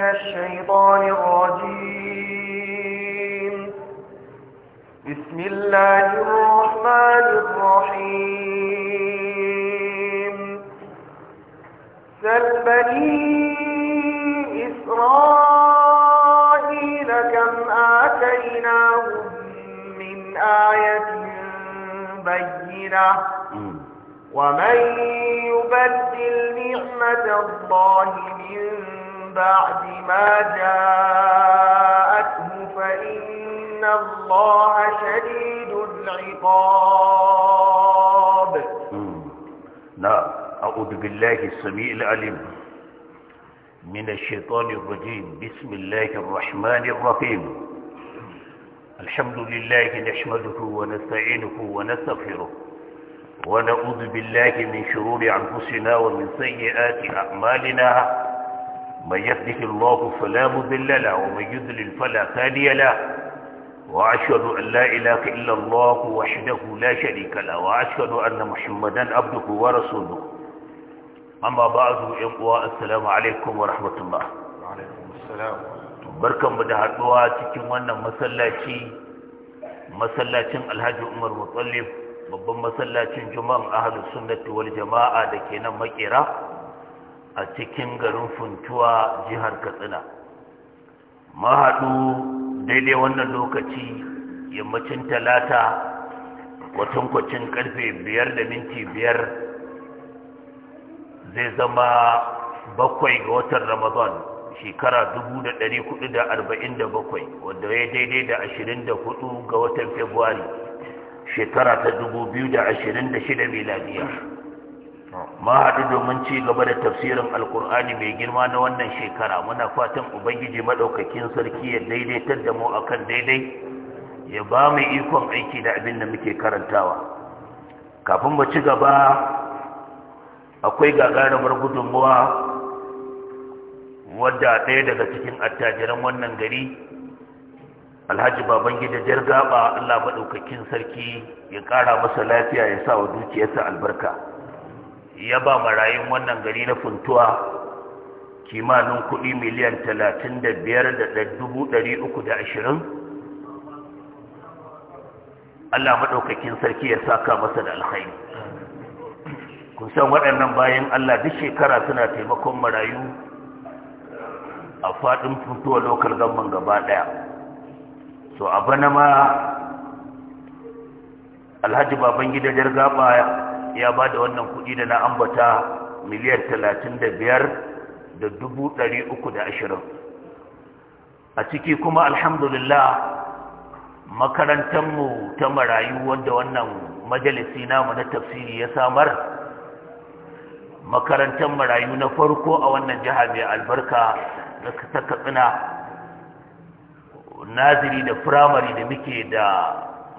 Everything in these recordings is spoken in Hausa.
الشيطان الرجيم بسم الله الرحمن الرحيم سل بني إسرائيل كم آتيناهم من آية بينة ومن يبدل نعمة الله من بعد ما جاءته فإن الله شديد العقاب نعم أعوذ بالله السميع العليم من الشيطان الرجيم بسم الله الرحمن الرحيم الحمد لله نحمده ونستعينه ونستغفره ونعوذ بالله من شرور أنفسنا ومن سيئات أعمالنا من يهده الله فلا مذل له ومن يذلل فلا هادي له وأشهد أن لا إله إلا الله وحده لا شريك له وأشهد أن محمدا عبده ورسوله أما بعد إخوة السلام عليكم ورحمة الله وعليكم السلام barkan mu da haɗuwa cikin wannan masallaci masallacin alhaji umar mutsallim babban masallacin juma'an ahalus sunnati wal jama'a da ke nan makera a cikin garin funtuwa jihar katsina mahaɗu daidai wannan lokaci yammacin talata kwatankwacin karfe biyar da minti biyar zai zama bakwai ga watan ramadan shekara bakwai, wanda ya daidai da ashirin da hudu ga watan februari shekara ta 2026 miladiyar ma haɗu domin ci gaba da tafsirin alkur'ani mai girma na wannan shekara muna fatan ubangiji maɗaukakin sarki ya daidaitar da mu akan daidai ya ba mu ikon aiki da abin da muke karantawa kafin mu ci gaba akwai gagarumar gudunmuwa wadda ɗaya daga cikin attajiran wannan gari alhaji babangida jirgaba allah maɗaukakin sarki ya ƙara masa lafiya ya sa wa dukiyarsa albarka ya ba marayun wannan gari na funtuwa kimanin kuɗi miliyan talatin da biyar da dubu ɗari uku da ashirin Allah maɗaukakin sarki ya saka masa da alhaini kun san waɗannan bayan Allah duk shekara suna taimakon marayu a faɗin funtuwa lokal gamban gaba ɗaya so a bana ma alhaji baban gidajen gaba ya ba da wannan kuɗi da na ambata miliyan talatin da biyar da dubu ɗari uku da ashirin a ciki kuma alhamdulillah makarantarmu ta marayu wanda wannan majalisi namu na tafsiri ya samar makarantar marayu na farko a wannan jiha mai albarka ta katsina naziri da firamare da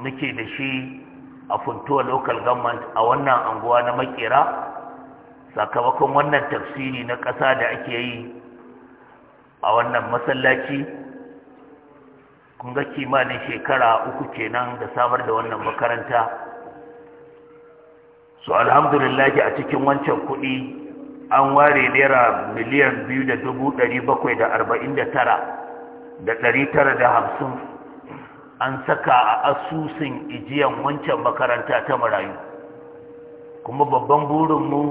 muke da shi a funtuwa local government a wannan anguwa na makera sakamakon wannan tafsiri na ƙasa da ake yi a wannan masallaci kun ga kimanin shekara uku kenan da samar da wannan makaranta su alhamdulillahi a cikin wancan kuɗi an ware naira miliyan biyu da dubu ɗari bakwai da arba'in da tara da ɗari tara da hamsin an saka a asusun ijiyan wancan makaranta ta marayu kuma babban burin mu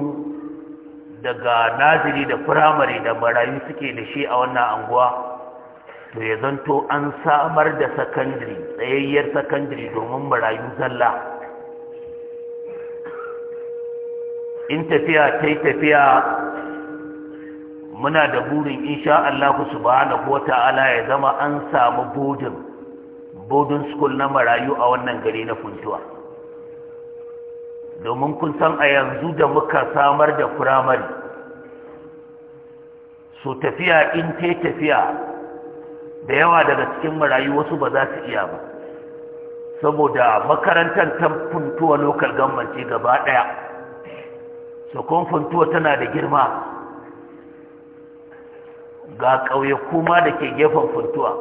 daga naziri da firamare da marayu suke da shi a wannan anguwa to ya zanto an samar da sakandiri tsayayyar sakandiri domin marayu zalla in tafiya ta yi tafiya muna da burin insha Allah subhanahu wa ta'ala ya zama an samu budin boarding school na marayu a wannan gari na funtuwa domin kun san a yanzu da muka samar da firamare su tafiya in te tafiya da yawa daga cikin marayu wasu ba za su iya ba saboda makarantar ta funtuwa lokal ce gaba daya kun funtuwa tana da girma ga ƙauye kuma da ke gefen funtuwa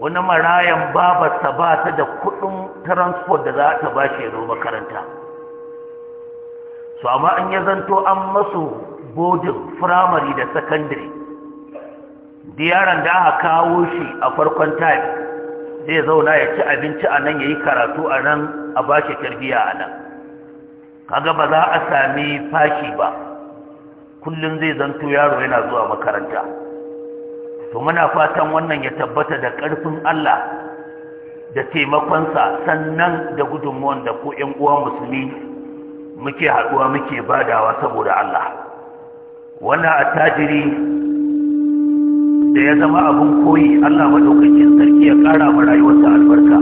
wani marayan babarsa ba ta da kudin transport da za ta ba shi zo makaranta su amma an ya zanto an masu bodin firamare da sakandare diyaran da aka kawo shi a farkon time zai zauna ya ci abinci a nan ya yi karatu a nan a ba shi tarbiya a nan kaga ba za a sami fashi ba kullum zai zanto yaro yana zuwa makaranta to muna fatan wannan ya tabbata da ƙarfin Allah da taimakonsa sannan da gudunmuwan da ko ‘yan uwa musulmi muke haɗuwa muke badawa saboda Allah wannan attajiri da ya zama abin koyi Allah maɗaukakin sarki ya ƙara wa rayuwarsa albarka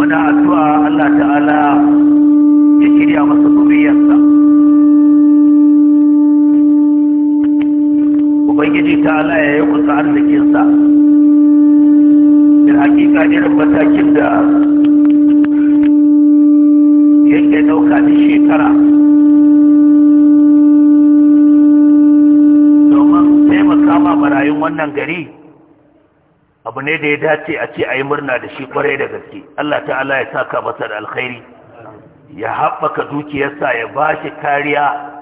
muna addu'a Allah ta'ala ya shirya masa zuriyarsa ubangiji ta ala ya yi kusa arzikinsa da hakika irin matakin da yake dauka da shekara domin taimaka ma marayun wannan gari abu ne da ya dace a ce a yi murna da shi kwarai da gaske Allah ta'ala ya saka masa da alkhairi ya haɓaka dukiyarsa ya ba shi kariya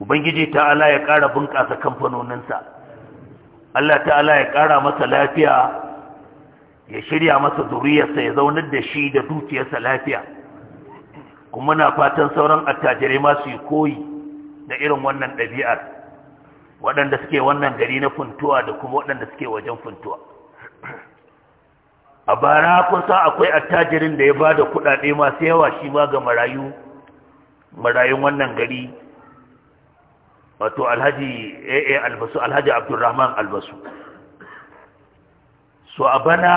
ubangiji ta'ala ya ƙara bunƙasa kamfanoninsa Allah ta'ala ya ƙara masa lafiya ya shirya masa zuriyarsa ya zaunar da shi da dukiyarsa lafiya kuma na fatan sauran attajirai masu yi koyi da irin wannan ɗabi'ar waɗanda suke wannan gari na funtuwa da kuma waɗanda suke wajen funtuwa a bara kun sa akwai attajirin da ya ba da kuɗaɗe masu yawa shi ma ga marayu marayun wannan gari wato alhaji aa eh, eh, albasu alhaji abdurrahman albasu so a bana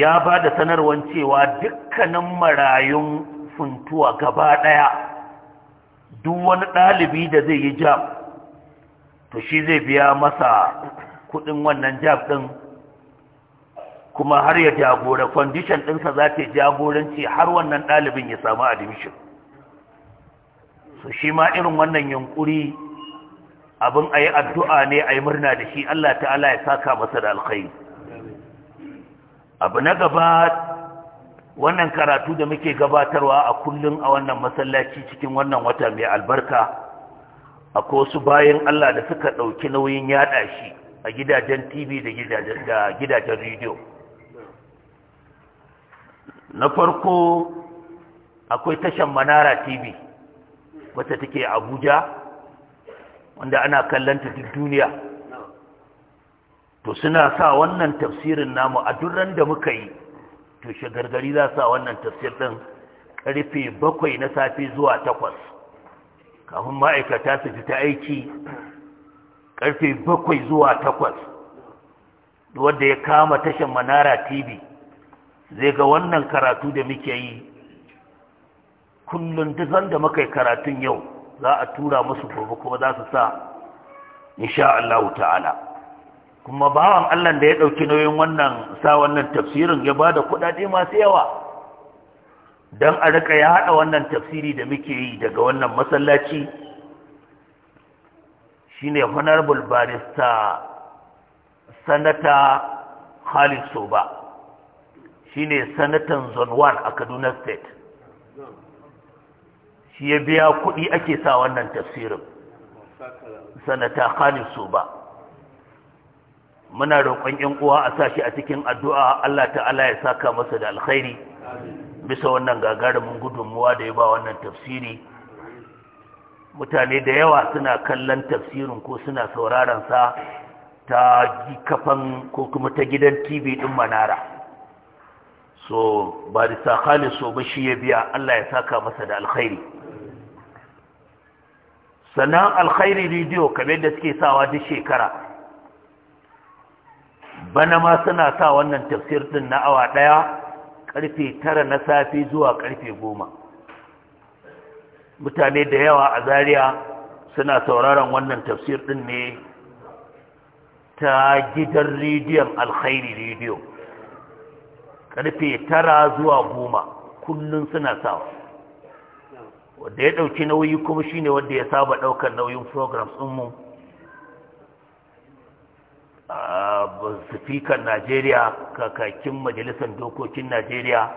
ya ba da sanarwar cewa dukkanin marayun funtuwa gaba ɗaya duk wani ɗalibi da zai yi jam to shi zai biya masa kudin wannan jam ɗin kuma har ya jagora kwandishan ɗinsa za ta jagoranci har wannan ɗalibin ya samu admission so shi ma irin wannan yunkuri abin a yi addu'a ne a yi murna da shi Allah ta'ala ya saka masa da alkhairi abu na gaba wannan karatu da muke gabatarwa a kullum a wannan masallaci cikin wannan wata mai albarka akwai wasu bayan Allah da suka ɗauki nauyin yaɗa shi a gidajen tv da gidajen rediyo na farko akwai tashan manara tv Wata take abuja wanda ana kallanta duk duniya to suna sa wannan tafsirin namu a duran da muka yi to shagargari za sa wannan tafsir ɗin karfe bakwai na safe zuwa takwas kafin ma'aikata su fita aiki karfe bakwai zuwa takwas wanda ya kama tashin manara tv zai ga wannan karatu da muke yi kullum duk sanda muka yi karatun yau za a tura musu gobe kuma za su sa insha Allah ta'ala kuma bawan Allah da ya dauki nauyin wannan sa wannan tafsirin ya bada kudade masu yawa dan a rika ya hada wannan tafsiri da muke yi daga wannan masallaci shine honorable barista sanata Khalid Soba shine sanatan Zone 1 a Kaduna State shi ya biya kuɗi ake sa wannan tafsirin sanata khalid su ba muna roƙon ƴan uwa a sa shi a cikin addu'a Allah ta'ala ya saka masa da alkhairi bisa wannan gagarumin gudunmuwa da ya ba wannan tafsiri mutane da yawa suna kallon tafsirin ko suna sauraron sa ta kafan ko kuma ta gidan TV din Manara so ba da sakali so ba shi ya biya Allah ya saka masa da alkhairi sannan alkhairi rediyo kamar da suke sawa duk shekara bana ma suna sa wannan tafsir din na awa daya karfe tara na safe zuwa karfe goma mutane da yawa a Zariya suna sauraron wannan tafsir din ne ta gidan rediyon alkhairi rediyo karfe tara zuwa goma kullum suna sawa wanda ya ɗauki nauyi kuma ne wanda ya saba ɗaukar nauyin programs ɗinmu a basifikan najeriya kakakin majalisar dokokin najeriya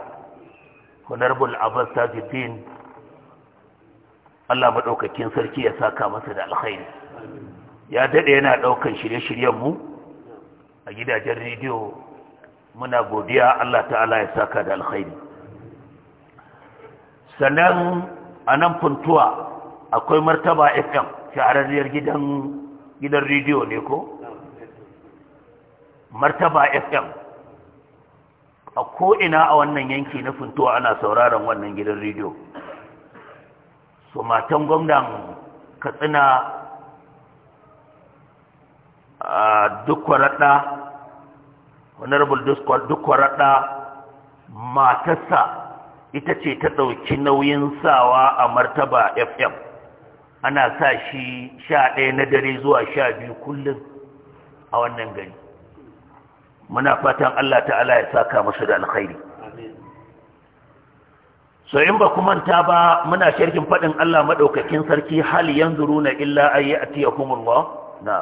honorable abbas tajuddin allah maɗaukakin sarki ya saka masa da alkhairi ya daɗe yana ɗaukar shirye-shiryenmu a gidajen rediyo muna godiya allah ta'ala ya saka da alkhairi sannan a nan funtuwa akwai martaba fm shahararriyar gidan gidan rediyo ne ko martaba fm a ko'ina a wannan yanki na funtuwa ana sauraron wannan gidan rediyo su matan gwamnan katsina a dukwaraɗa honorable dukwaraɗa matarsa ita ce ta ɗauki nauyin sawa a martaba fm ana sa shi sha ɗaya na dare zuwa sha biyu kullum a wannan gari muna fatan allah ta'ala ya saka musu da alkhairi so in ba manta ba muna shirkin faɗin Allah maɗaukakin sarki hal yanzu runa illa a yi a na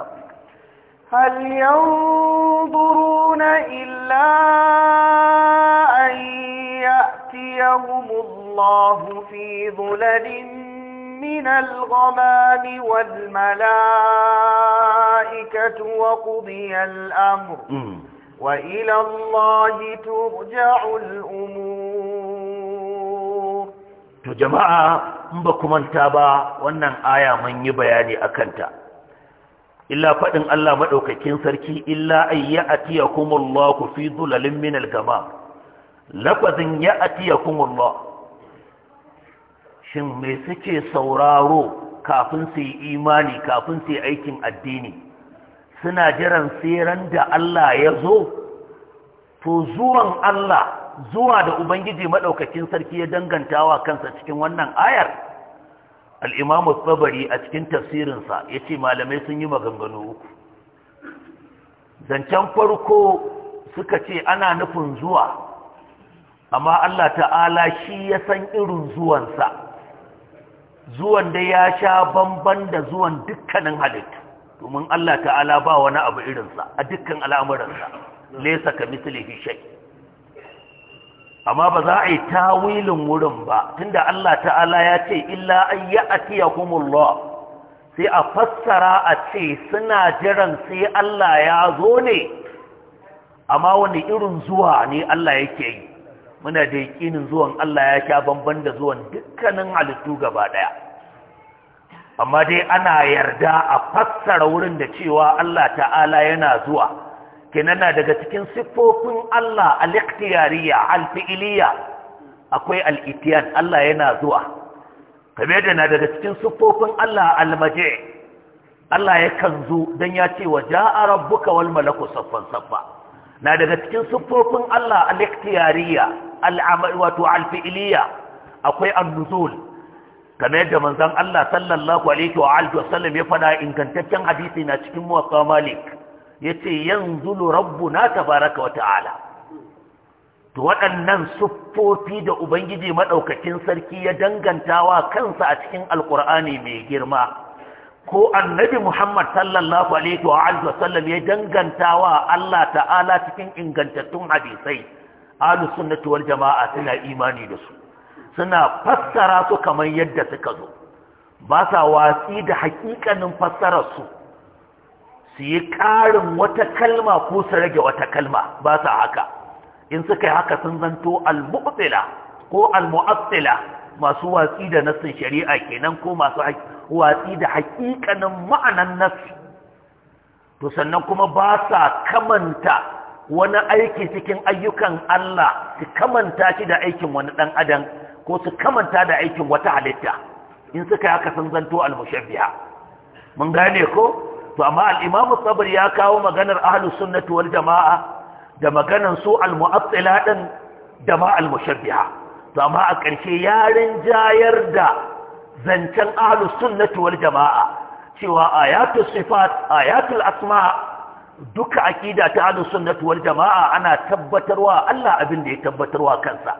hal yanzu illa a يأتيهم الله في ظلل من الغمام والملائكة وقضي الأمر وإلى الله ترجع الأمور جماعة مبكم انتابا وانا آية من يبياني أكنتا إلا فإن الله مدوك كنسركي إلا أن يأتيكم الله في ظلل من الغمام lafazin ya atiya kumullah shin mai suke sauraro kafin su yi imani kafin su yi aikin addini suna jiran tseren da Allah ya zo to zuwan Allah zuwa da Ubangiji maɗaukakin sarki ya dangantawa kansa cikin wannan ayar al'imamu tsabari a cikin tafsirinsa ya ce malamai sun yi maganganu uku zancen farko suka ce ana nufin zuwa amma Allah ta'ala shi ya san irin zuwansa zuwan da ya sha bamban da zuwan dukkanin halittu domin Allah ta'ala ba wani abu irinsa a dukkan al'amuransa lesa ka mislihi shay amma ba za a yi tawilin wurin ba tunda Allah ta'ala ya ce illa an ya'tiyakumullah sai a fassara a ce suna jiran sai Allah ya zo ne amma wani irin zuwa ne Allah yake yi muna da yakinin zuwan Allah ya sha bamban da zuwan dukkanin halittu gaba ɗaya. amma dai ana yarda a fassara wurin da cewa Allah ta'ala yana zuwa kenan na daga cikin siffofin Allah al-ikhtiyariya al-fi'iliya akwai al-itiyan Allah yana zuwa kamar da na daga cikin siffofin Allah al-maji' Allah yakan zo dan ya ce wa ja'a rabbuka wal malaku saffan saffa na daga cikin siffofin Allah al-ikhtiyariya wato alfi'iliya akwai annuzul kamar yadda manzon Allah sallallahu alaihi wa alihi wasallam ya fada ingantaccen hadisi na cikin muwatta malik yace yanzulu rabbuna tabaraka wa ta'ala to waɗannan siffofi da ubangiji madaukakin sarki ya dangantawa kansa a cikin alqur'ani mai girma ko annabi Muhammad sallallahu alaihi wa alihi wasallam ya dangantawa Allah ta'ala cikin ingantattun hadisai ahlus sunnati wal jama'a suna imani da su suna fassara su kamar yadda suka zo ba sa watsi da hakikanin fassarar su su yi ƙarin wata kalma ko su rage wata kalma ba sa haka in suka yi haka sun zanto al-mu'tila ko al-mu'attila masu watsi da nassin shari'a kenan ko masu watsi da hakikanin ma'anan nassi to sannan kuma ba sa kamanta wani aiki cikin ayyukan Allah su kamanta shi da aikin wani ɗan adam ko su kamanta da aikin wata halitta in suka haka sun zanto al-mushabbiha mun gane ko to amma al-imam sabr ya kawo maganar ahlus sunnati wal jamaa da maganar su al-mu'attila din da ma al-mushabbiha to amma a ƙarshe ya rinjayar da zancen ahlus sunnati wal jamaa cewa Ayatu sifat ayatul asma' duka aƙida ta halin sunnatu wal jama'a ana tabbatarwa Allah abin da ya tabbatarwa kansa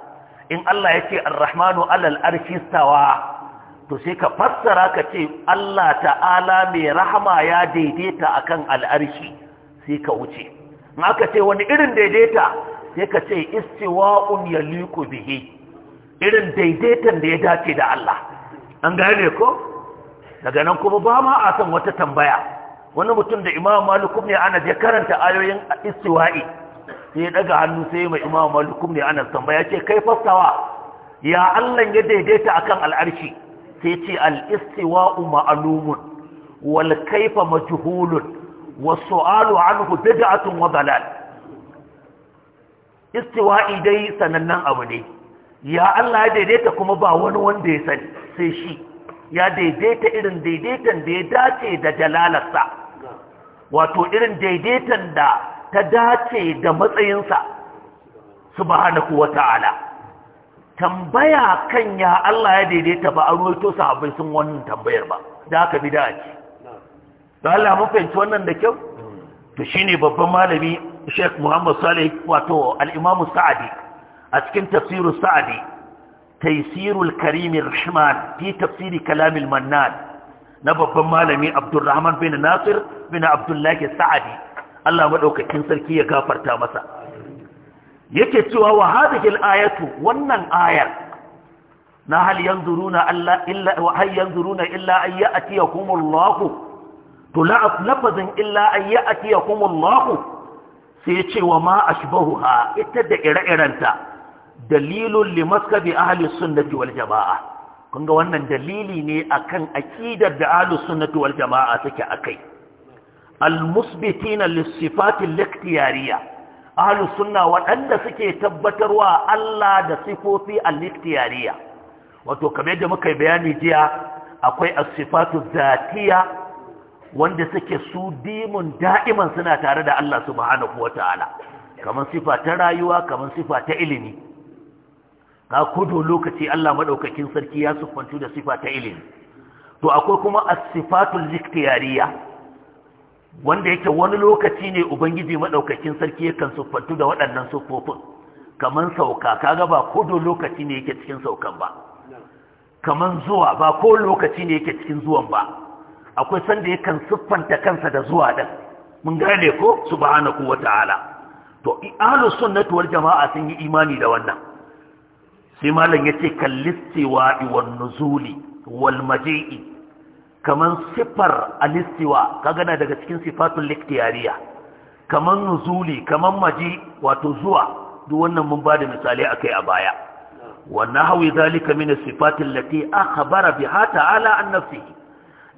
in Allah ya ce ar-rahmanu alal arshistawa to sai ka fassara ka ce Allah ta'ala mai rahama ya daidaita akan al'arshi sai ka wuce in aka ce wani irin daidaita sai ka ce istiwa'un liku bihi irin daidaitan da ya dace da Allah an gane ko daga nan kuma ba ma a san wata tambaya wani mutum da imam malik ibn ana ya karanta ayoyin istiwa'i sai daga hannu sai mai imam malik ibn anas tambaya ce kai fassawa ya Allah ya daidaita akan al'arshi sai ce al-istiwa'u ma'lumun wal kayfa majhulun was su'alu anhu bid'atun wa dalal istiwa'i dai sanannen abu ne ya Allah ya daidaita kuma ba wani wanda ya sani sai shi ya daidaita irin daidaitan da ya dace da jalalarsa wato irin daidaitan da ta dace da matsayinsa su subhanahu wata'ala tambaya kan ya Allah ya daidaita ba a roito sahabbai sun wannan tambayar ba da aka bi ce da Allah mun fahimci wannan da kyau to shine babban malami Sheikh Muhammad Salih wato al-Imam Sa'di a cikin tafsirin Sa'di Taisirul Karim Rahman fi tafsiri Kalamil mannan na babban malami abdurrahman bin nasir bin abdullahi sa'adi Allah madaukakin sarki ya gafarta masa yake cewa wa hadhihi ayatu wannan ayar na hal yanzuruna alla illa wa hal yanzuruna illa an to lafazin illa an ya'tiyakumullahu sai ce wa ma ashbahuha ita da ire-irenta dalilun limaskabi ahli sunnati wal jama'a kun ga wannan dalili ne akan aqidar da ahlus sunnati wal jamaa take akai al musbitina lis sifati al ikhtiyariya ahlus sunna waɗanda suke tabbatarwa Allah da sifofi al ikhtiyariya wato kamar yadda muka bayani jiya akwai as sifatu zatiya wanda suke su dimun da'iman suna tare da Allah subhanahu wataala kamar sifa ta rayuwa kamar sifa ta ilimi ga kodo lokaci Allah madaukakin sarki ya sufantu da sifa ta ilimi to akwai kuma as-sifatul ikhtiyariya wanda yake wani lokaci ne ubangiji madaukakin sarki yakan sufantu da waɗannan sufofin kaman sauka kaga ba kodo lokaci ne yake cikin saukan ba kaman zuwa ba ko lokaci ne yake cikin zuwan ba akwai sanda yakan siffanta kansa da zuwa din mun gane ko subhanahu wataala to ahlus sunnati wal jamaa sun yi imani da wannan sai malam ya ce kallistiwa iwan nuzuli wal maji'i kaman siffar alistiwa kaga na daga cikin sifatun liktiyariya kaman nuzuli kaman maji wato zuwa duk wannan mun da misali akai a baya wannan hawi zalika min sifatin lati akhbara biha ta'ala an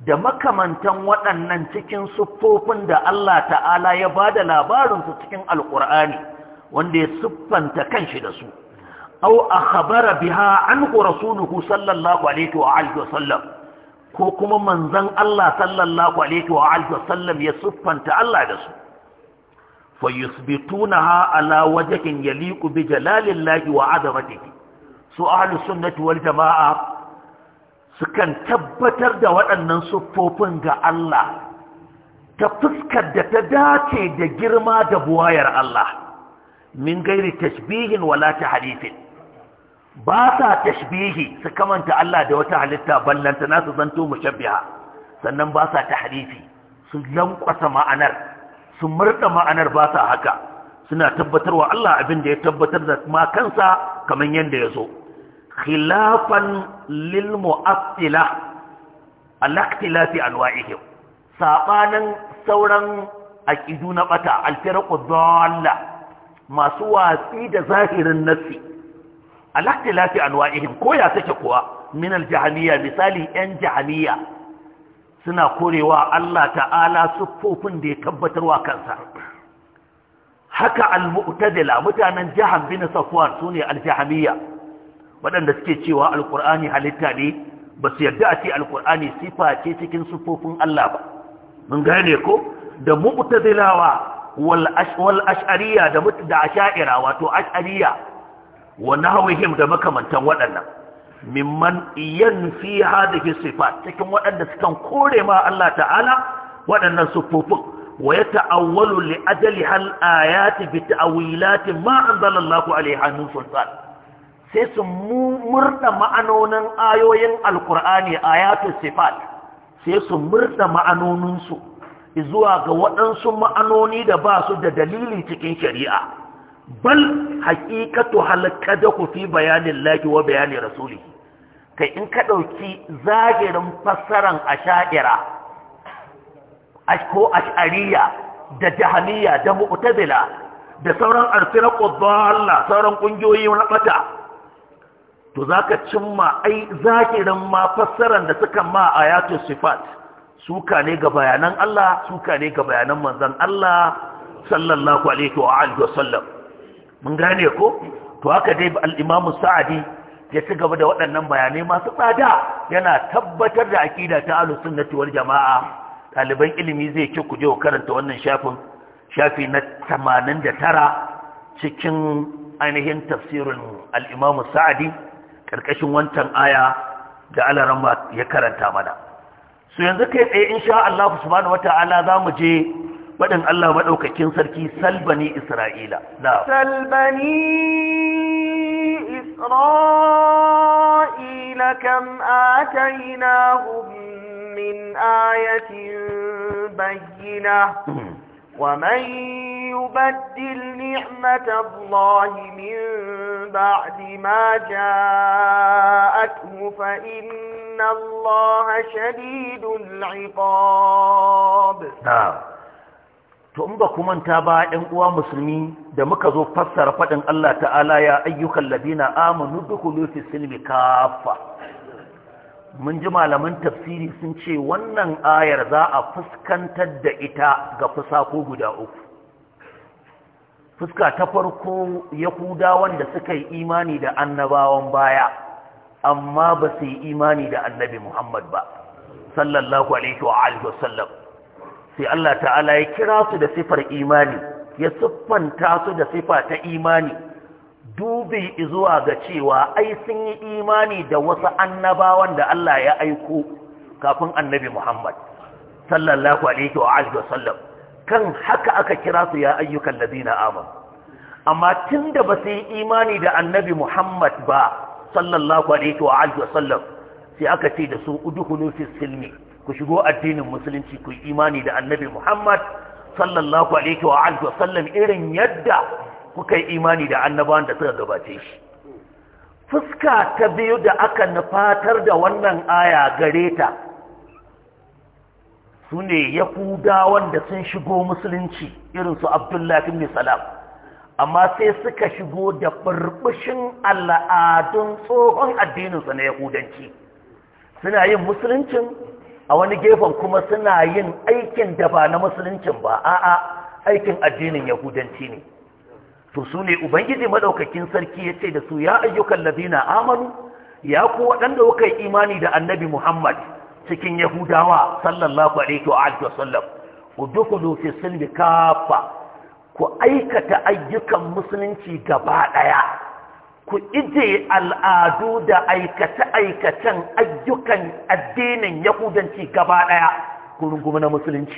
da makamantan waɗannan cikin siffofin da Allah ta'ala ya ba da labarinsu cikin Alƙur'ani wanda ya siffanta kanshi da su au akhbara biha anhu rasuluhu sallallahu alaihi wa alihi wasallam ko kuma manzon Allah sallallahu alaihi wa alihi wasallam ya siffanta Allah da su fa yusbitunaha ala wajhin yaliqu bi jalalillahi wa azamatihi su ahlus sunnati wal jamaa sukan tabbatar da waɗannan siffofin ga Allah ta fuskar da ta dace da girma da buwayar Allah min gairi tashbihin wala tahrifin ba sa tashbihi su kamanta Allah da wata halitta ballanta nasu su zanto mushabbiha sannan ba sa tahrifi su lankwasa ma'anar su murda ma'anar ba sa haka suna tabbatarwa Allah abin da ya tabbatar da ma kansa kamar yadda ya zo khilafan lil mu'attila al-ikhtilafi anwa'ihim sabanin sauran aqidu na bata al-firqu dhalla masu watsi da zahirin nassi alakta lafi anwa'ihim ko ya take kuwa min aljahaniya misali yan jahaniya suna korewa Allah ta'ala siffofin da ya tabbatarwa kansa haka al mutanen jahan bin safwan sune al-jahamiyya waɗanda suke cewa alkur'ani halitta ne ba su yarda a ce alkur'ani sifa ce cikin siffofin Allah ba mun gane ko da mu'tazilawa wal ash'ariya da da ash'ira wato ash'ariya wa him da makamantan waɗannan mimman yanfi hadhihi sifat cikin waɗanda sukan kore ma Allah ta'ala waɗannan sufufin wa ta'awwalu, li ajali hal ayati bi ta'wilati ma anzalallahu alaiha min sultan sai su murda ma'anonin ayoyin alqur'ani ayatu sifat sai su murda ma'anonin su zuwa ga waɗansu ma'anoni da ba su da dalili cikin shari'a bal haƙiƙatu ku fi bayanin laki wa bayanin rasuli kai in ka ɗauki zagirin fassaran sha'ira ko a shariya da jahaniya da mu'tazila da sauran arfira ƙudalla sauran ƙungiyoyi na ɓata to za ka cimma ai zagirin ma fassaran da suka ma a ayatul sifat suka ne ga bayanan Allah suka ne ga bayanan manzon Allah sallallahu alaihi wa sallam mun gane ko to haka dai al-imam sa'adi ya ci gaba da waɗannan bayanai masu tsada yana tabbatar da aƙida ta ahlus sunnati wal jama'a ɗaliban ilimi zai ci ku je karanta wannan shafin shafi na 89 cikin ainihin tafsirin al-imam sa'adi karkashin wancan aya da alarama ya karanta mana su yanzu kai tsaye insha Allah subhanahu wata'ala za mu je بدن الله مدوكاكين سركي سلبني إسرائيل نعم سلبني إسرائيل كم آتيناهم من آية بينة ومن يبدل نعمة الله من بعد ما جاءته فإن الله شديد العقاب نعم to in ba ku manta ba ɗan uwa musulmi da muka zo fassara faɗin Allah ta'ala ya ayyukan labina amanu dukhulu fi silmi kafa mun ji malaman tafsiri sun ce wannan ayar za a fuskantar da ita ga ko guda uku fuska ta farko yahuda wanda suka yi imani da annabawan baya amma ba su yi imani da annabi Muhammad ba sallallahu alaihi wa alihi wasallam sai Allah ta'ala ya kira su da sifar imani ya siffanta su da sifa ta imani dubi zuwa ga cewa ai sun yi imani da wasu annabawan da Allah ya aiko kafin annabi Muhammad sallallahu alaihi wa alihi wasallam kan haka aka kira su ya ayyukan ladina aman. amma tunda ba su yi imani da annabi Muhammad ba sallallahu alaihi wa alihi wasallam sai aka ce da su udkhulu silmi ku shigo addinin musulunci ku yi imani da annabi Muhammad sallallahu alaihi wa alihi wa sallam irin yadda kuka yi imani da annabawan da suka gabace shi fuska ta biyu da aka nufatar da wannan aya gare ta su ne wanda sun shigo musulunci irinsu abdullahi ibn salam amma sai suka shigo da burbushin al'adun tsohon addininsu na yahudanci suna yin musuluncin a wani gefen kuma suna yin aikin da ba na musuluncin ba a'a aikin addinin yahudanci ne to su ne ubangiji madaukakin sarki ya ce da su ya ayyukan ladina amanu ya ku waɗanda kuka yi imani da annabi muhammad cikin yahudawa sallallahu alaihi wa alihi wasallam udkhulu fi silmi kafa ku aikata ayyukan musulunci gaba ɗaya. ku ije al'adu da aikace-aikacen ayyukan addinin yahudanci gaba ɗaya ku rungumi na musulunci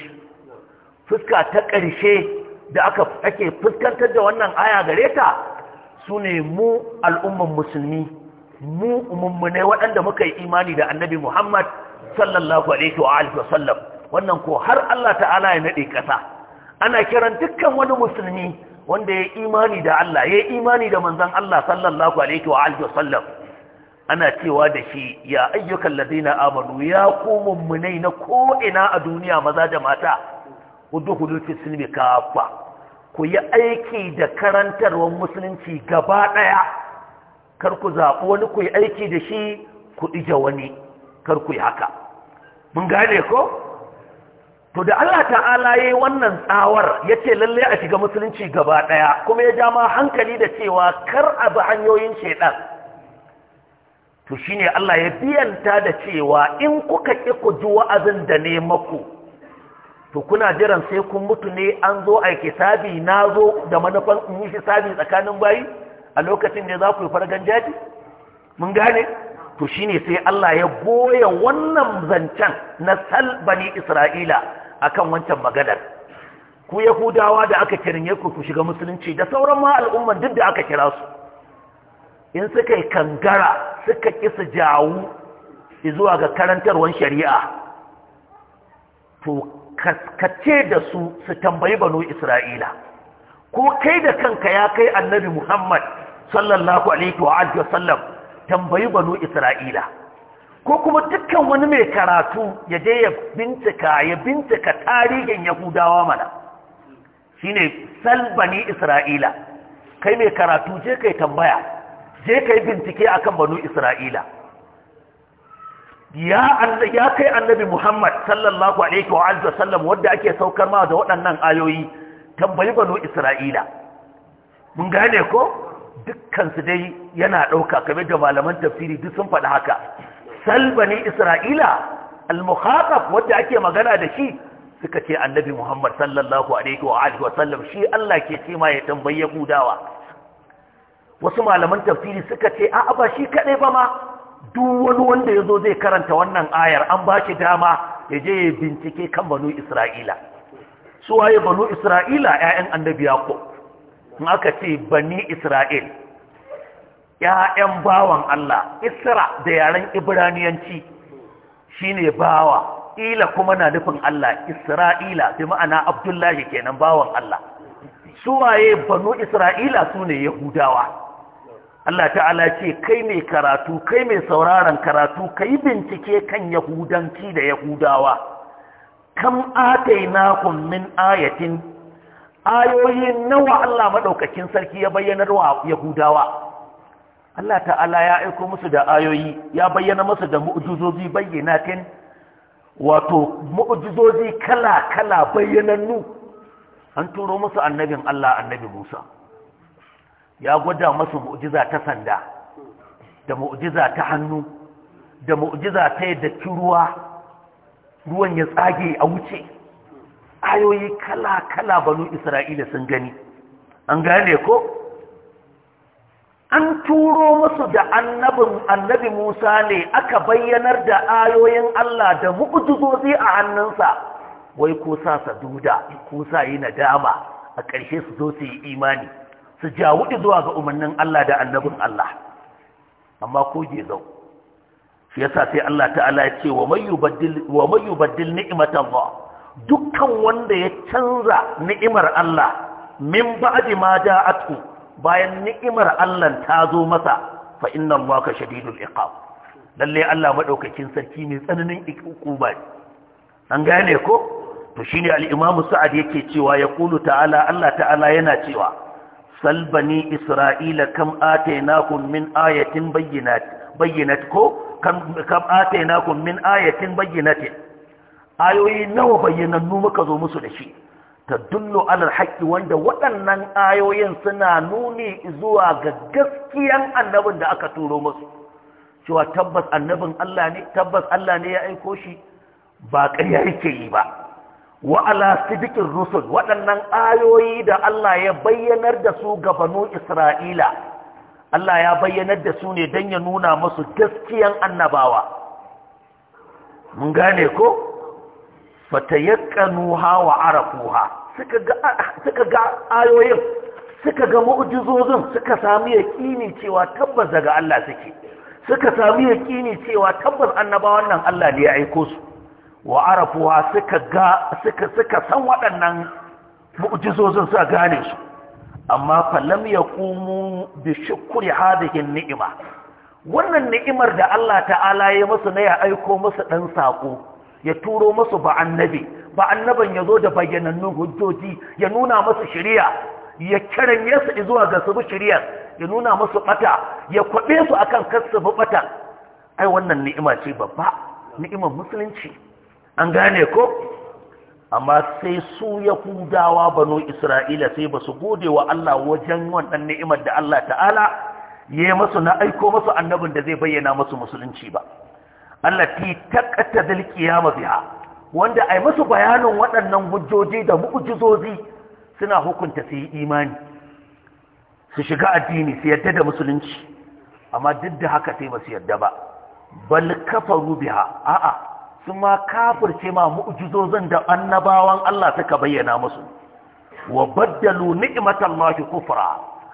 fuska ta ƙarshe da aka ake fuskantar da wannan aya gare ta su ne mu al'umman musulmi mu mummune waɗanda muka yi imani da annabi muhammad sallallahu alaihi wa alihi wasallam wannan ko har allah ta'ala ya naɗe ƙasa ana kiran dukkan wani musulmi wanda ya imani da Allah ya imani da manzon Allah sallallahu alaihi wa alihi wasallam ana cewa da shi ya ayyukan ladina amanu ya ku munai na ko ina a duniya maza da mata udkhulu fi silmi kafa ku yi aiki da karantarwar musulunci gaba daya kar ku zaɓi wani ku yi aiki da shi ku ija wani kar ku yi haka mun gane ko to da Allah ta'ala ya yi wannan tsawar ya ce lallai a shiga musulunci gaba ɗaya, kuma ya ja ma hankali da cewa kar a bi hanyoyin shaidan. to shi ne Allah ya biyanta da cewa in kuka ki ku ji wa'azin da ne maku to kuna jiran sai kun mutu ne an zo a kisabi na zo da manufan in yi hisabi tsakanin bayi a lokacin da za ku yi fargan jaji mun gane to ne sai Allah ya goya wannan zancen na salbani Isra'ila akan wancan maganar ku Yahudawa da aka kirne ku ku shiga musulunci da sauran ma al'umman duk da aka kira su in suka yi kangara suka ki su jawu zuwa ga karantarwar shari'a to kaskace da su su tambayi banu Isra'ila ko kai da kanka ya kai annabi Muhammad sallallahu alaihi wa sallam tambayi banu isra'ila ko kuma dukkan wani mai karatu ya je ya bincika ya bincika tarihin yahudawa mana shine sal bani isra'ila kai mai karatu je kai tambaya je kai bincike akan banu isra'ila ya kai annabi Muhammad sallallahu alaihi wa alihi wasallam wanda ake saukar ma da waɗannan ayoyi tambayi banu Isra'ila mun gane ko dukkansu dai yana ɗauka game da malaman tafsiri duk sun faɗi haka salba ne isra'ila al-mukhatab wanda ake magana da shi suka ce annabi muhammad sallallahu alaihi wa alihi wa sallam shi Allah ke cewa ya tambaye gudawa wasu malaman tafsiri suka ce a'a ba shi kadai ba ma duk wani wanda yazo zai karanta wannan ayar an ba shi dama ya je ya bincike kan banu isra'ila su waye banu isra'ila ƴaƴan annabi yaqub in aka ce bani isra'il ‘ya'yan bawan Allah isra da yaren ibraniyanci shine bawa ila kuma na nufin Allah isra'ila bi ma'ana abdullahi kenan bawan Allah suwaye banu isra'ila su ne yahudawa Allah ta'ala ce kai mai karatu kai mai sauraron karatu kai bincike kan yahudanci da yahudawa kam atainakum min ayatin ayoyi nawa Allah maɗaukakin sarki ya bayyanar wa yahudawa Allah ta'ala ya aiko musu da ayoyi ya bayyana musu da mu'jizozi bayyanatin wato mu'jizozi kala-kala bayyanannu an turo musu annabin Allah annabi Musa ya gwada musu mu'jiza ta sanda da mu'jiza ta hannu da mu'jiza ta yadda ruwa ruwan ya tsage a wuce ayoyi kala-kala banu isra'ila sun gani an gane ko an turo musu da annabin annabi musa ne aka bayyanar da ayoyin allah da mu'ujizozi a hannunsa wai ko sa duda, ko sa yi nadama a ƙarshe su zo su yi imani su jawudi zuwa ga umarnin allah da annabin allah amma ko je zau shi yasa sai allah ta'ala ya ce wa mai yubaddil ni'imatan ba dukkan wanda ya canza ni'imar Allah min ba'di ma ja'atu bayan ni'imar Allah ta zo masa fa inna Allaha shadidul iqab lalle Allah madaukakin sarki mai tsananin ne. an gane ko to shine al-Imam Sa'ad yake cewa ya kulu ta'ala Allah ta'ala yana cewa sal bani isra'ila kam atainakum min ayatin bayyinat bayyinat ko kam kam atainakum min ayatin bayyinatin ayoyi nawa bayyanannu muka zo musu da shi dullo alal haqqi wanda waɗannan ayoyin suna nuni zuwa ga gaskiyan annabin da aka turo musu cewa tabbas annabin Allah ne tabbas Allah ne ya aiko shi ba ƙarya yake yi ba wa ala sidikin rusul waɗannan ayoyi da Allah ya bayyanar da su ga banu Isra'ila Allah ya bayyanar da su ne don ya nuna musu gaskiyan annabawa mun gane ko fatayakkanuha wa arafuha suka ga suka ga ayoyin suka ga mu'jizozin suka sami yaqini cewa tabbas daga Allah suke suka sami yaqini cewa tabbas annaba wannan, Allah ne ya aiko su wa arafuha suka ga suka suka san waɗannan mu'jizozin suka gane su amma fa lam yaqumu bi shukri hadhihi ni'ima wannan ni'imar da Allah ta'ala ya musu na ya aiko musu dan sako ya turo masu ba annabi ba annaban ya zo da bayyanannun hujjoji ya nuna masu shari'a ya kiran yasa zuwa ga su shari'a ya nuna masu bata ya kwabe su akan kasu su bata ai wannan ni'ima ce babba ni'imar musulunci an gane ko amma sai su yahudawa banu isra'ila sai ba su gode wa Allah wajen wannan ni'imar da Allah ta'ala ya yi masu na aiko masu annabin da zai bayyana masu musulunci ba allati taqtadil qiyama biha wanda ai musu bayanin waɗannan hujjoji da mu'jizozi suna hukunta su yi imani su shiga addini su yadda da musulunci amma duk da haka sai ba su yadda ba bal kafaru biha a'a sun ma kafirce ma mu'jizozin da annabawan Allah suka bayyana musu wa baddalu ni'matallahi kufra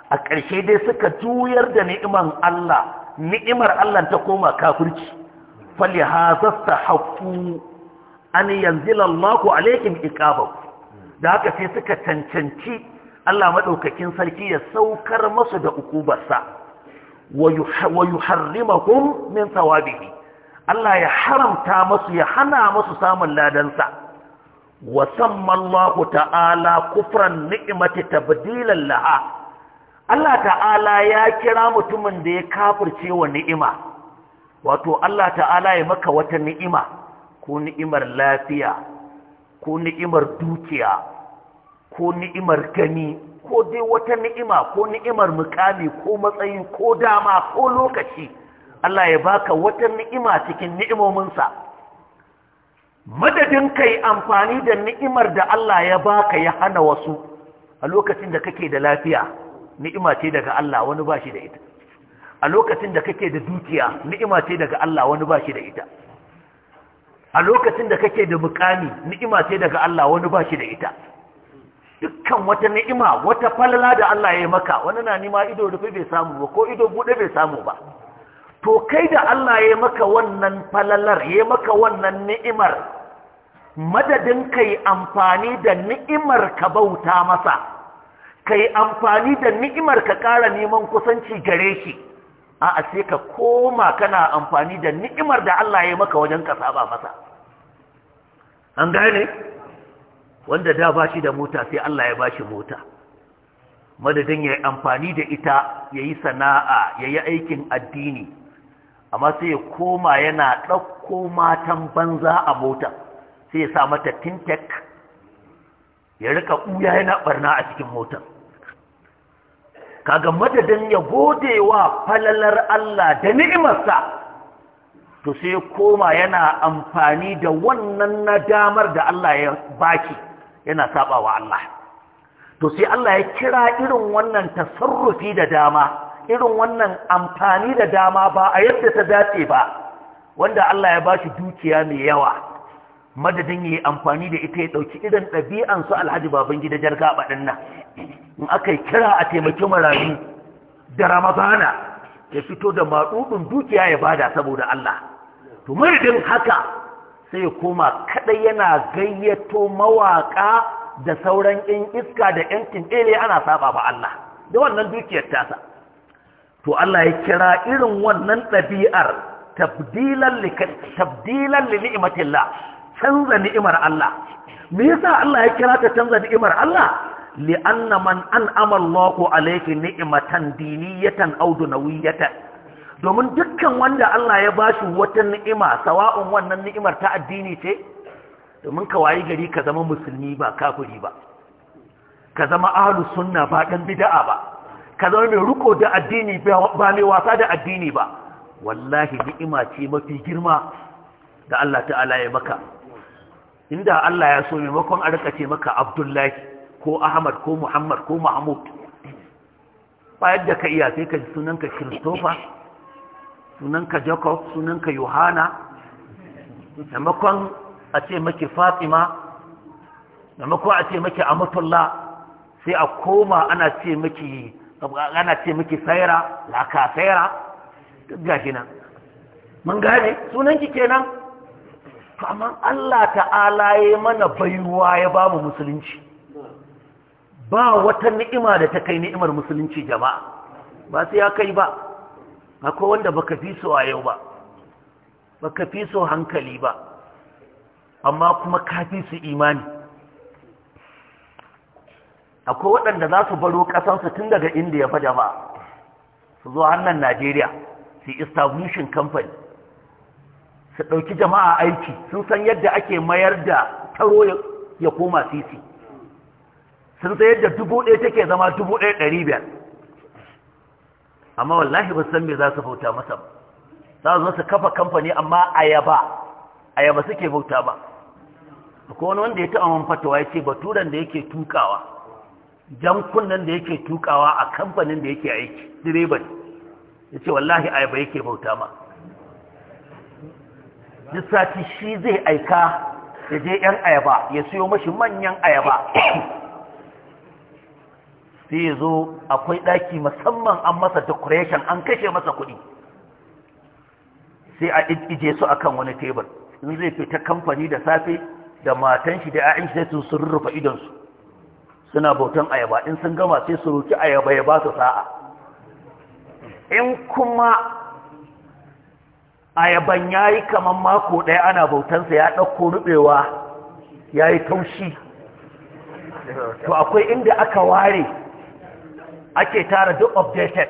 a ƙarshe dai suka juyar da ni'iman Allah ni'imar Allah ta koma kafirci falihazasta haƙu an yanzilallahu alaikin iqabahu da haka sai suka cancanci Allah maɗaukakin sarki ya saukar masu da ukubarsa wa harrima min thawabihi Allah ya haramta masu ya hana masu samun ladansa wa sammallahu ta'ala kufran ni'mati tabdilan laha Allah ta'ala ya kira mutumin da ya kafirce wa ni'ima wato Allah ta'ala ya maka wata ni'ima ko ni'imar lafiya ko ni'imar dukiya ko ni'imar gani ko dai wata ni'ima ko ni'imar mukami ko matsayi ko dama ko lokaci Allah ya baka wata ni'ima cikin ni'imominsa madadin kai amfani da ni'imar da Allah ya baka ya hana wasu a lokacin da kake da lafiya ni'ima ce daga Allah wani bashi da ita a lokacin da kake da dukiya ni'ima ce daga Allah wani ba shi da ita a lokacin da kake da mukami ni'ima ce daga Allah wani ba shi da ita dukkan wata ni'ima wata falala da Allah ya yi maka wani na nima ido rufe bai samu ba ko ido bude bai samu ba to kai da Allah ya yi maka wannan falalar ya yi maka wannan ni'imar madadin ka yi amfani da ni'imar ka bauta masa ka yi amfani da ni'imar ka kara neman kusanci gare shi a a sai ka koma kana amfani da ni'imar da Allah ya maka wajen ka saba masa an gane wanda da ba shi da mota sai Allah ya ba shi mota madadin ya yi amfani da ita ya yi sana'a ya yi aikin addini amma sai ya koma yana ɗauko matan banza a mota sai ya sa mata tintek ya rika ɓuya yana ɓarna a cikin motar kaga madadin ya gode wa falalar Allah da ni'imarsa to sai koma yana amfani da wannan nadamar da Allah ya baki yana saba wa Allah to sai Allah ya kira irin wannan tasarrufi da dama irin wannan amfani da dama ba a yadda ta dace ba wanda Allah ya bashi dukiya mai yawa madadin ya yi amfani da ita ya ɗauki irin ɗabi'an su Alhaji Babangida Jarga baɗin nan in aka yi kira a taimaki marayu da Ramadana ya fito da maɗuɗin dukiya ya bada saboda Allah to madadin haka sai ya koma kaɗai yana gayyato mawaƙa da sauran yan iska da 'yancin timbele ana saba ba Allah da wannan dukiyar tasa to Allah ya kira irin wannan ɗabi'ar tabdilan li tabdilan canza ni'imar Allah me yasa Allah ya kira ta canza ni'imar Allah لأن من أنعم الله عليك نعمة diniyatan أو دنوية domin dukkan wanda Allah ya bashi wata ni'ima sawa'un wannan ni'imar ta addini ce domin ka wayi gari ka zama musulmi ba kafiri ba ka zama ahlus sunna ba dan bid'a ba ka zama mai riko da addini ba mai wasa da addini ba wallahi ni'ima ce mafi girma da Allah ta'ala ya maka inda Allah ya so maimakon a rikace maka Abdullahi ko Ahmad ko Muhammad ko Mahmud ba yadda ka iya sai ka ji sunanka Christopher sunanka Jacob sunanka Yohana maimakon a ce maki Fatima maimakon a ce maki Amatullah sai a koma ana ce maki ana ce maki Saira laka Saira duk gashi nan mun gane sunanki kenan to amma Allah ta'ala ya mana baiwa ya ba mu musulunci ba wata ni'ima da ta kai ni'imar musulunci jama'a ba sai ya kai ba akwai wanda baka fi so a yau ba baka fi so hankali ba amma kuma ka fi su imani akwai waɗanda za su baro ƙasansu tun daga indiya fa ba. su zo hannun najeriya su yi establishing company su ɗauki jama'a aiki sun san yadda ake mayar da taro ya koma sisi sun san yadda dubu ɗaya take zama dubu ɗaya ɗari biyar amma wallahi ba san me za su bauta masa ba za su su kafa kamfani amma ayaba ayaba suke bauta ba ko wani wanda ya taɓa man fatawa ya ce baturan da yake tukawa jan kunnen da yake tukawa a kamfanin da yake aiki direban ya ce wallahi ayaba yake bauta ma duk shi zai aika ya je yan ayaba ya siyo mashi manyan ayaba sai ya zo akwai ɗaki musamman an masa decoration an kashe masa kuɗi sai a ije su akan wani tebur in zai fita kamfani da safe da matan shi da ya'yan shi sai sun rufa idonsu suna bautan ayaba in sun gama sai su roki ayaba ya ba su sa'a in kuma ayaban ya yi kamar mako ɗaya ana bautansa ya ɗauko ruɓewa ya yi taushi to akwai inda aka ware ake tara duk updated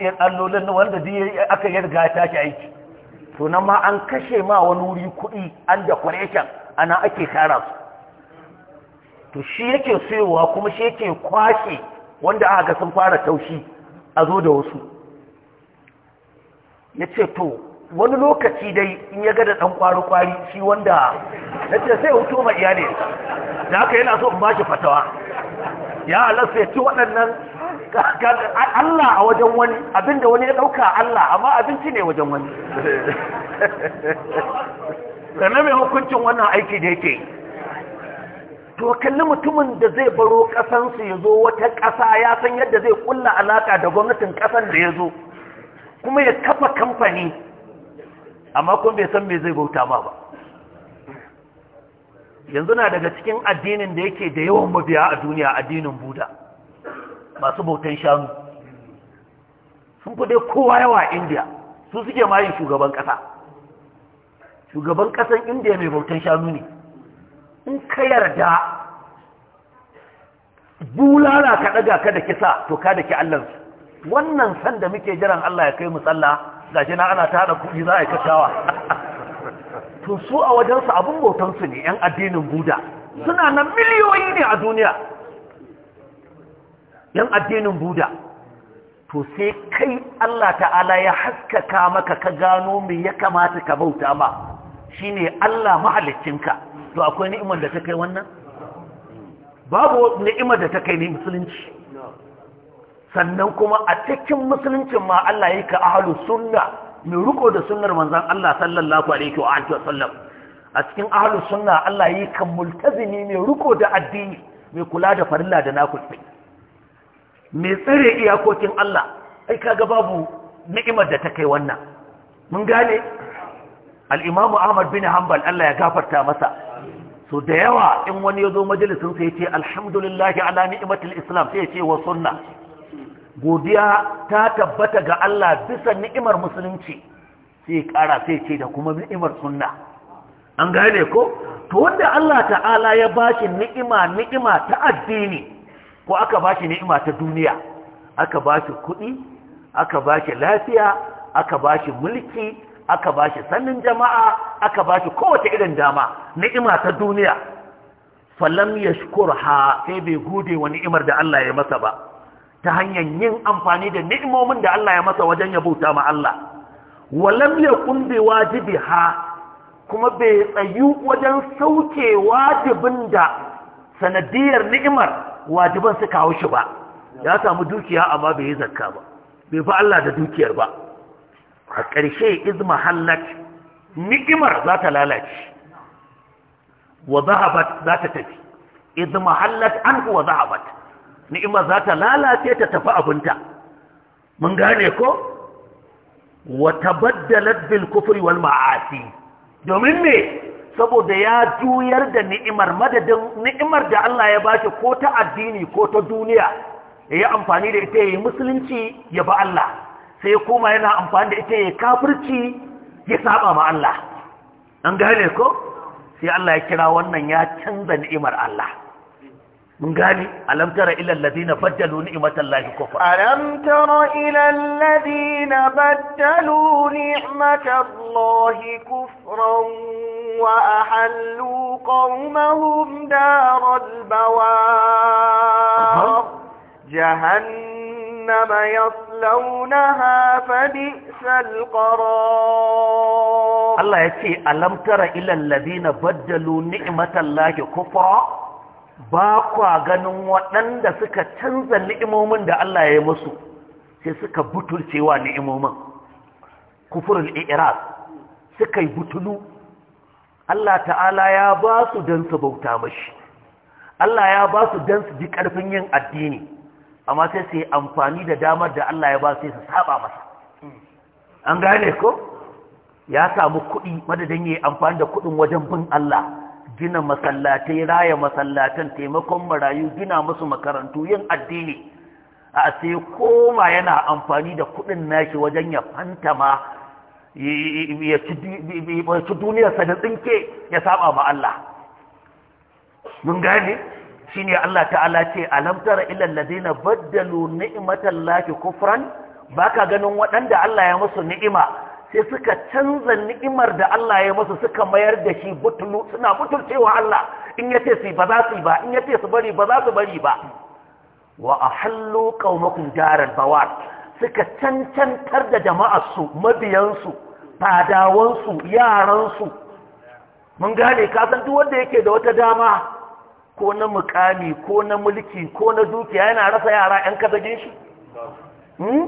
yan allolin wanda aka yi riga tashi aiki to nan ma an kashe ma wani wuri kuɗi an decoration ana ake tara su to shi yake sayowa kuma shi yake kwashe wanda aka ga sun fara taushi a zo da wasu ya ce to wani lokaci dai in ya gada ɗan kwari-kwari shi wanda na ce sai hutu ma iyali da aka yana so in ba shi fatawa ya halasta ya ci waɗannan Allah a wajen wani abinda wani ya ɗauka Allah amma abinci ne wajen wani sannan mai hukuncin wannan aiki da yake to kalli mutumin da zai baro ƙasansu ya zo wata ƙasa ya san yadda zai ƙulla alaƙa da gwamnatin ƙasan da ya zo kuma ya kafa kamfani amma kuma bai san me zai bauta ma ba yanzu na daga cikin addinin da yake da yawan mabiya a duniya addinin buda masu bautan shanu sun fi dai kowa yawa a indiya su suke mayin shugaban ƙasa shugaban ƙasan indiya mai bautan shanu ne in ka yarda bulala ka ɗaga ka da kisa to ka da ki allansu wannan sanda muke jiran allah ya kai mu sallah ga shi na ana tara kuɗi za a yi kashawa to su a wajensu abin bautansu ne 'yan addinin buda suna nan miliyoyi ne a duniya 'yan addinin buda to sai kai Allah ta'ala ya haskaka maka ka gano me ya kamata ka bauta ma ne Allah mahalicinka to akwai ni'imar da ta kai wannan babu ni'imar da ta kai ne musulunci sannan kuma a cikin musuluncin ma Allah yake ahlus sunna mai riko da sunnar manzon Allah sallallahu alaihi wa alihi wasallam a cikin ahlus sunna Allah yake multazimi mai riko da addini mai kula da farilla da nakulfi mai tsare iyakokin Allah ai kaga babu ni'imar da ta kai wannan mun gane al-Imam Ahmad bin Hanbal Allah ya gafarta masa so da yawa in wani ya zo majalisun sai ya ce alhamdulillahi ala ni'imatul islam sai ya ce wa sunna godiya ta tabbata ga Allah bisa ni'imar musulunci sai kara sai ce da kuma ni'imar sunna an gane ko to wanda Allah ta'ala ya bashi ni'ima ni'ima ta addini ko aka bashi ni'ima ta duniya aka bashi kuɗi aka bashi lafiya aka bashi mulki aka bashi sanin jama'a aka bashi kowace irin dama ni'ima ta duniya falam yashkurha sai bai gode wa ni'imar da Allah ya masa ba ta hanyar yin amfani da ni'imomin da Allah ya masa wajen ya bauta ma Allah walam yakun bi wajibiha kuma bai tsayu wajen sauke wajibin da sanadiyar ni'imar wajiban suka kawo shi ba ya samu dukiya amma bai yi zakka ba bai fa Allah da dukiyar ba a ƙarshe izma halak ni'imar za ta lalace wa zahabat za ta tafi izma halak an wa zahabat Ni'imar za ta lalace ta tafi abinta mun gane ko wata tabaddalat bil wal ma'asi domin ne saboda ya juyar da ni'imar madadin ni'imar da Allah ya bashi ko ta addini ko ta duniya ya yi amfani da ita yi musulunci ya ba Allah sai kuma yana amfani da ita yi kafirci ya saba ma Allah an gane ko sai Allah ya kira wannan ya canza ni'imar Allah mun gane alam tara ila alladhina baddalu ni'matallahi kufra alam tara ila alladhina baddalu ni'matallahi kufran wa ahallu qaumahum daral bawar jahannam yaslawnaha fabisal qarar Allah yace alam tara ila alladhina baddalu ni'matallahi kufra ba kwa ganin waɗanda suka canza ni'imomin da Allah ya yi musu sai suka butulcewa ni'imomin kufurul i'rad suka yi butulu Allah ta'ala ya ba su don su bauta mashi Allah ya ba su don su ji ƙarfin yin addini amma sai su yi amfani da damar da Allah ya ba sai su saba masa an gane ko ya samu kuɗi madadin yi amfani da kuɗin wajen bin Allah gina masallatai raya masallatan taimakon marayu gina musu makarantu yin addini a sai koma yana amfani da kudin nashi wajen ya fantama ya ci duniyarsa da tsinke ya saba ma Allah mun gane shi Allah ta'ala ce alamtara ilal ladina baddalu ni'matallahi kufran baka ganin waɗanda Allah ya musu ni'ima sai suka canza ni'imar da Allah ya masu suka mayar da shi butulu suna butulcewa Allah in ya ce su ba za su yi ba in ya ce su bari ba za su bari ba wa a hallo ƙaunakun jarar bawar suka cancantar da jama'arsu mabiyansu fadawansu yaransu mun gane kasan duk wanda yake da wata dama ko na mukami ko na mulki ko na dukiya yana rasa yara 'yan kazagin shi hmm?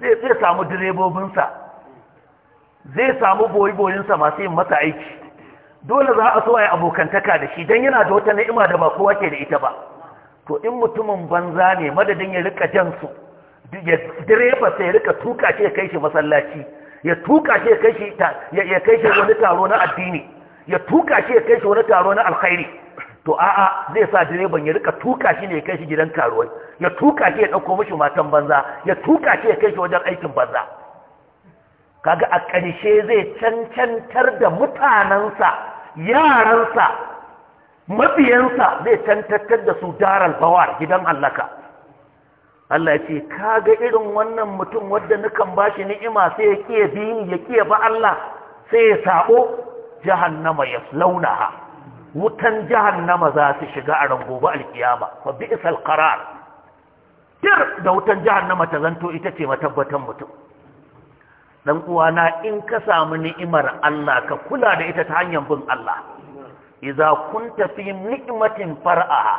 zai samu direbobinsa zai samu boyi-boyinsa masu yin masa aiki dole za a so a yi abokantaka da shi don yana da wata ni'ima da ba kowa ke da ita ba to in mutumin banza ne madadin ya rika jansu ya direba sai ya rika tuka shi ya kai shi masallaci ya tuka shi ya kai shi wani taro na addini ya tuka shi ya kai shi wani taro na alkhairi to a'a zai sa direban ya rika tuka shi ne ya kai shi gidan karuwai ya tuka shi ya ɗauko mashi matan banza ya tuka shi ya kai shi wajen aikin banza kaga a ƙarshe zai cancantar da mutanensa yaransa mabiyansa zai cancantar da su daral bawar gidan hallaka Allah ya ce kaga irin wannan mutum wadda nukan ba shi ni'ima sai ya kiye bini ya kiye ba Allah sai ya sabo jahannama launaha. wutan jahannama za su shiga a rangoba alkiyama fa bi'sal qarar tir da wutan jahannama ta zanto ita ce matabbatan mutum dan uwana in ka samu ni'imar Allah ka kula da ita ta hanyar bin Allah idza kunta fi ni'matin far'aha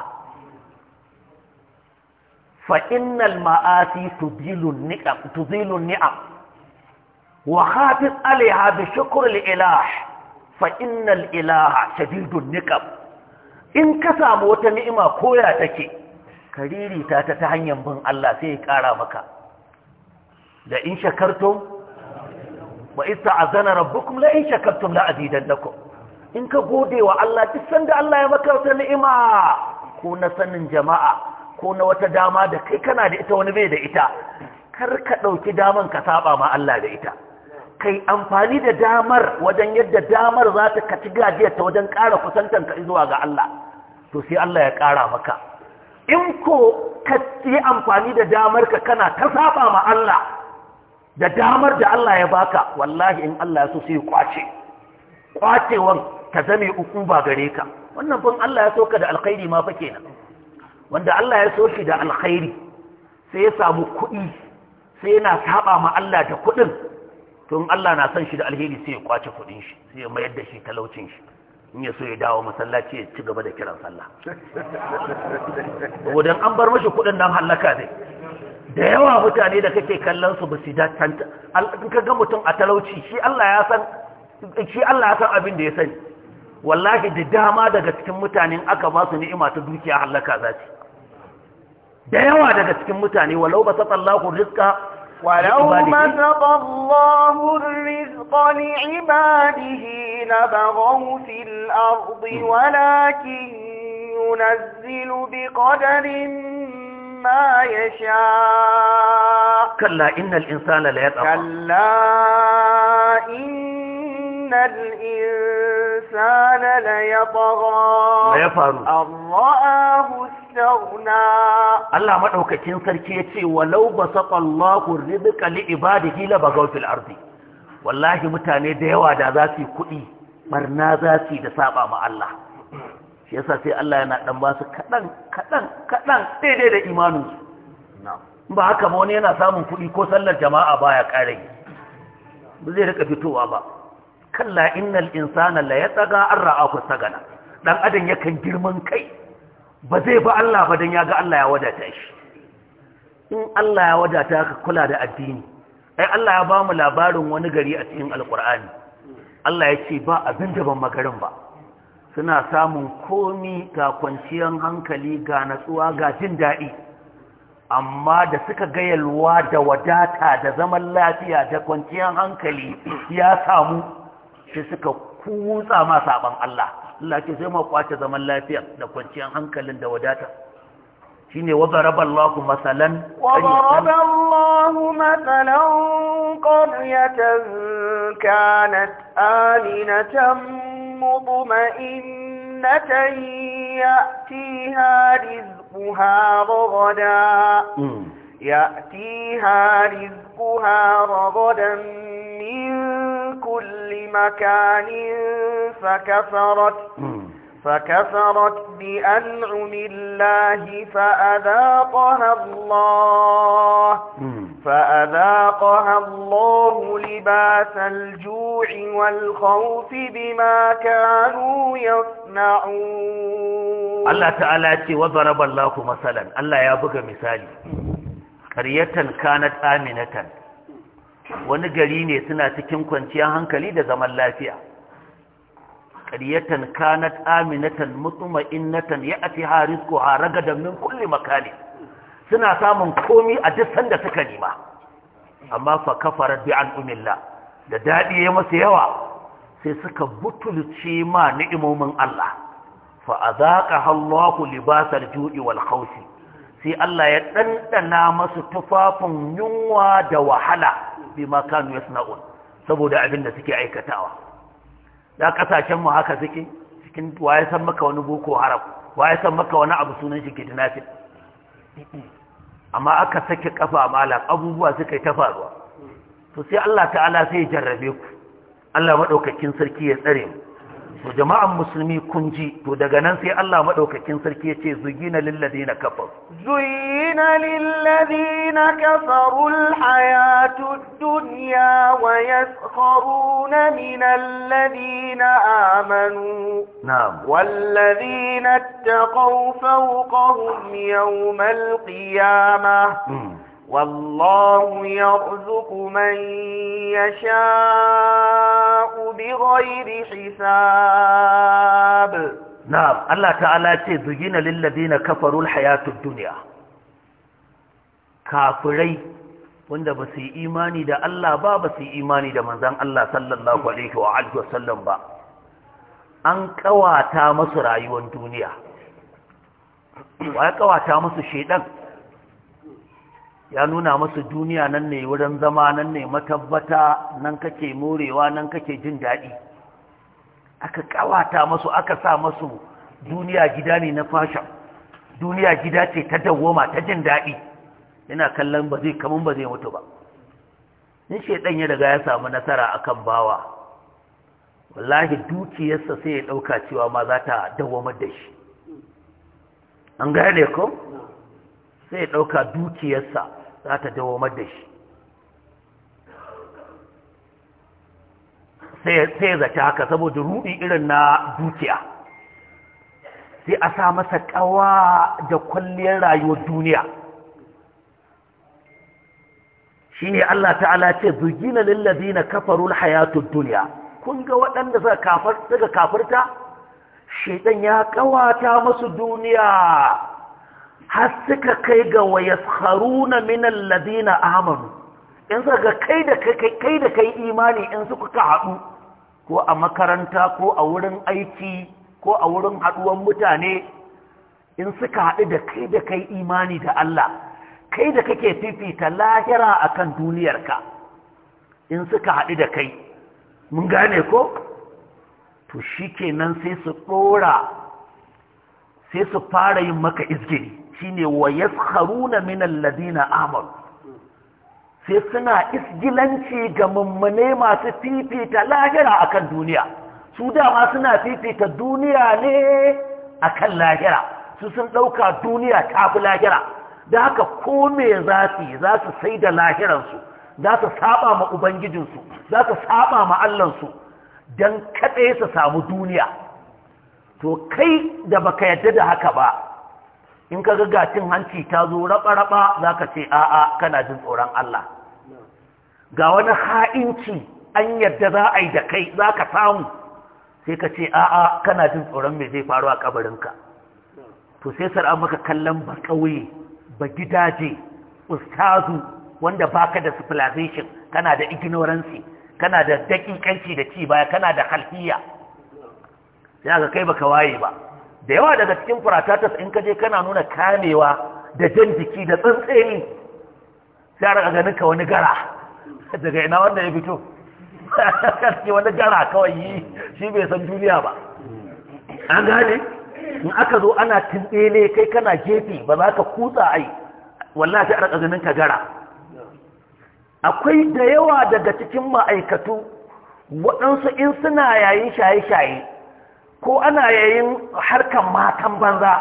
fa innal ma'asi tubilu ni'am tubilu ni'am wa bi shukr al-ilah fa innal ilaha shadidun niqam in ka samu wata ni'ima koya take kariri ta ta hanyar bin Allah sai ya kara maka da in shakartum wa ista'azana rabbukum la in shakartum la azidannakum in ka gode wa Allah duk sanda Allah ya maka wata ni'ima ko na sanin jama'a ko na wata dama da kai kana da ita wani bai da ita kar ka ɗauki daman ka saba ma Allah da ita kai amfani da damar wajen yadda damar za ta kaci gajiyar ta wajen ƙara kusantanka zuwa ga Allah to sai Allah ya ƙara maka in ko ka yi amfani da damar ka kana ta saba ma Allah da damar da Allah ya baka wallahi in Allah ya so sai kwace kwacewan ka zame uku ba gare ka wannan bin Allah ya so ka da alkhairi ma fa kenan wanda Allah ya so shi da alkhairi sai ya samu kuɗi sai yana saba ma Allah da kuɗin to in Allah na son shi da alheri sai ya kwace kuɗin shi sai ya mayar da shi talaucin shi in ya so ya dawo masallaci ya ci gaba da kiran sallah wadan an bar mashi kuɗin nan hallaka dai da yawa mutane da kake kallon su ba su dakanta in ka ga mutum a talauci shi Allah ya san shi Allah ya san abin da ya sani wallahi da dama daga cikin mutanen aka ba su ni'ima ta dukiya halaka za ci da yawa daga cikin mutane walau ba satsallahu rizqa ولو بسط الله الرزق لعباده لبغوا في الأرض ولكن ينزل بقدر ما يشاء كلا إن الإنسان لا يطغى كلا إن الإنسان ليطغى ليفعل أن رآه استغنى الله مدعوكتين سركيتي ولو بسط الله الرزق لعباده لبغوا في الأرض والله متاني ديوا دا ذاتي كئي مرنا ذاتي دا سابا مع الله shi sa sai Allah yana ɗan ba su kaɗan, kaɗan, kadan daidai da imaninsu ba haka ba wani yana samun kuɗi ko sallar jama'a baya kare ba zai rika fitowa ba kalla innal insana la yataga an ku sagana dan adam yakan girman kai ba zai ba Allah ba dan ga Allah ya wadata shi in Allah ya wadata ka kula da addini ai Allah ya ba mu labarin wani gari a cikin alkur'ani Allah ya ce ba abin da ban magarin ba suna samun komi ga kwanciyar hankali ga natsuwa ga jin daɗi amma da suka gayalwa da wadata da zaman lafiya da kwanciyar hankali ya samu shi suka kutsa ma saban Allah Allah ke sai ma kwace zaman lafiya da kwanciyar hankalin da wadata shine ne wa masalan Allah Allahu masalan kanat aminatan مطمئنة يأتيها رزقها رغدا يأتيها رزقها رغدا من كل مكان فكفرت فكفرت بأنعم الله فأذاقها الله فأذاقها الله لباس الجوع والخوف بما كانوا يصنعون الله تعالى وضرب الله مثلا الله يا بغى مثالي قرية كانت آمنة wani gari ne suna cikin kwanciyar hankali da zaman lafiya qaryatan kanat aminatan mutma'innatan ya'tiha rizquha ragadan min kulli makani suna samun komi a duk sanda suka nima amma fa kafarar bi an umilla da dadi ya masu yawa sai suka butulce ma ni'imomin Allah fa a azaqaha Allahu libasal ju'i wal hausi sai Allah ya ɗanɗana masu tufafin yunwa da wahala bi makanu ya saboda abin da suke aikatawa da kasashen mu haka suke cikin waye san maka wani boko haram waye san maka wani abu sunan shi kidnapping amma aka sake kafa malam abubuwa suka yi ta faruwa to sai Allah ta'ala sai ya jarrabe ku Allah madaukakin sarki ya tsare mu to jama'an musulmi kun ji to daga nan sai Allah maɗaukakin sarki yace zuyina lil ladina kafaru zuyina lil ladina hayatud dunya wa yaskharuna min alladina amanu na'am wal ladina ittaqaw fawqahum yawm qiyamah hmm. والله يرزق من يشاء بغير حساب نعم الله تعالى تزين للذين كفروا الحياة الدنيا كافري wanda ba su yi imani da Allah ba ba su yi imani da manzan Allah sallallahu alaihi wa alihi wasallam ba an kawata masu rayuwar duniya wa ya kawata masu shedan ya nuna masu duniya nan ne wurin zama nan ne matabbata nan kake morewa nan kake jin daɗi aka kawata masu aka sa masu duniya gida ne na fasha duniya gida ce ta dawoma ta jin daɗi yana kallon ba zai kamun ba zai mutu ba in shaidan ya daga ya samu nasara akan bawa wallahi dukiyarsa sai ya ɗauka cewa ma za ta dawomar da shi an gane ko sai ya ɗauka dukiyarsa za ta dawo da shi sai ya zata haka saboda ruɗi irin na dukiya sai a sa masa ƙawa da kwalliyar rayuwar duniya shi ne Allah ta'ala ce zugina lillazi na kafarun hayatun duniya kun ga waɗanda suka kafarta shaidan ya ƙawata masu duniya har suka kai ga wayasharuna min alladhina amanu in suka kai da kai kai da kai imani in suka kuka haɗu. ko a makaranta ko a wurin aiki ko a wurin haɗuwan mutane in suka haɗu da kai da kai imani da Allah kai da kake fifita lahira akan duniyarka in suka haɗu da kai mun gane ko to kenan sai su ɗora, sai su fara yin maka izgini shine wa yaskharuna min alladhina amanu sai suna isgilanci ga mummune masu fifita lahira akan duniya su dama suna fifita duniya ne akan lahira su sun dauka duniya ta fi lahira da haka ko me za su yi za su sai da lahiransu za su saba ma ubangijinsu za su saba ma allansu don kaɗai su samu duniya to kai da baka yadda da haka ba in ka ga gatin hanci ta zo raba-raba za ka ce a'a kana jin tsoron Allah ga wani ha'inci an yadda za a yi da kai za ka samu sai ka ce a'a kana jin tsoron mai zai faru a kabarinka to sai sar'a maka kallon ba ƙauye ba gidaje ustazu wanda baka da civilization kana da ignorance kana da daƙiƙanci da ci baya kana da halhiya sai aka kai baka waye ba da yawa daga cikin furatatas in ka je kana nuna kamewa da jan jiki da tsantseni sai a ganin ka wani gara daga ina wanda ya fito kaske wani gara kawai yi shi bai san duniya ba an gane in aka zo ana tumbele kai kana gefe ba za ka kutsa ai wallahi a raka ganin ka gara akwai da yawa daga cikin ma'aikatu waɗansu in suna yayin shaye-shaye ko ana yayin harkan matan banza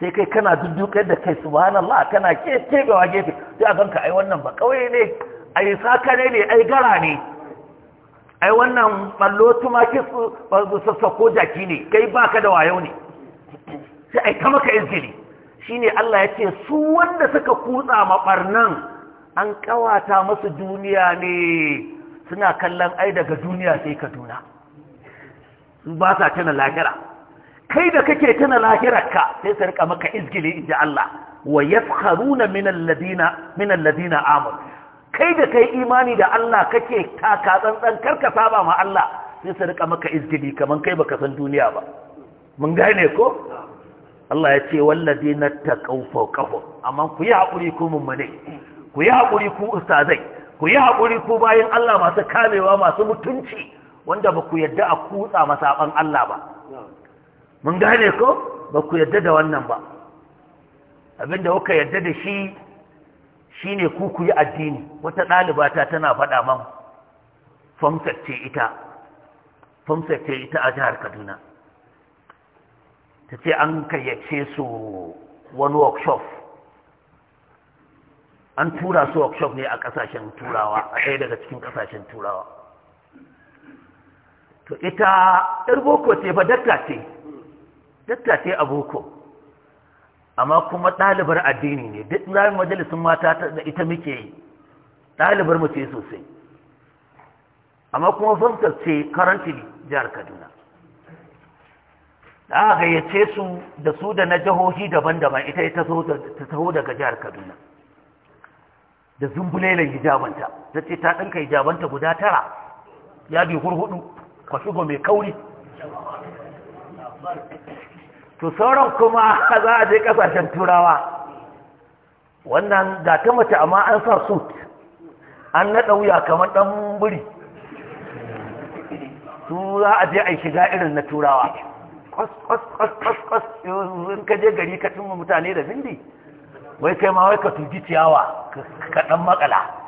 sai kai kana dudduka da kai subhanallah kana kebewa gefe sai a ganka ai wannan ba kawai ne ai saka ne ne, ai gara ne ai wannan ballo tumaki sassako jaki ne kai baka da wayo ne sai ai ta maka izgili shine Allah yace, ce su wanda suka kutsa mabarnan an kawata masu duniya ne suna kallon ai daga duniya sai Kaduna in ba sa tana lahira kai da kake tana lahirarka sai su rika maka izgili in inji Allah wa yafkharuna min alladina min alladina kai da kai imani da Allah kake ta ka tsantsan karka saba ma Allah sai su rika maka izgili kaman kai baka san duniya ba mun gane ko Allah ya ce walladina taqaw fawqahum amma ku yi hakuri ku mummune ku yi hakuri ku ustazai ku yi hakuri ku bayin Allah masu kamewa masu mutunci wanda ba ku yadda a kutsa masaban Allah ba mun gane ko ba ku yadda da wannan ba abinda kuka yadda da shi shine ku ku yi addini wata ɗalibata tana faɗa man famsarce ita famsarce ita a jihar kaduna ta ce an kayyace su wani workshop an tura su workshop ne a ƙasashen turawa a ɗaya daga cikin ƙasashen turawa to ita yar boko ce fa dakka ce dakka ce a boko amma kuma ɗalibar addini ne duk zamin majalisun mata da ita muke yi ɗalibar mu ce sosai amma kuma fahimtar ce karantili jihar kaduna da aka gayyace su da su da na jihohi daban-daban ita ta taho daga jihar kaduna da zumbulelen hijabanta ta ce ta ɗinka hijabanta guda tara ya bi hurhudu kwasugo mai kauri to sauran kuma za a je kasashen turawa wannan da ta mace amma an sa suit an naɗa wuya kamar ɗan buri su za a je a shiga irin na turawa kwas kwas kwas kwas kwas ka je gari ka cimma mutane da bindi wai kai ma wai ka tuji ciyawa ka ɗan makala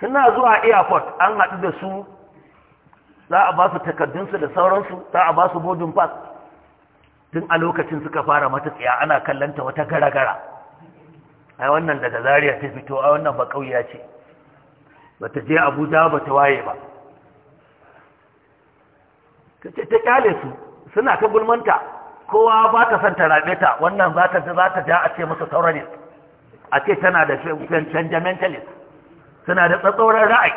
suna zuwa airport an haɗu da su za a ba su takardunsu da sauransu za a ba su bodin pass tun a lokacin suka fara matatsiya ana kallanta wata gara-gara a wannan daga Zariya ta fito a wannan ba ƙauya ce Ba ta je abuja ba ta waye ba ta ce ta kyale su suna ta gulmanta kowa ba ta son ta rabe ta wannan za ta za ja a ce masa taurari a ce tana da fenjamentalist suna da tsatsauran ra'ayi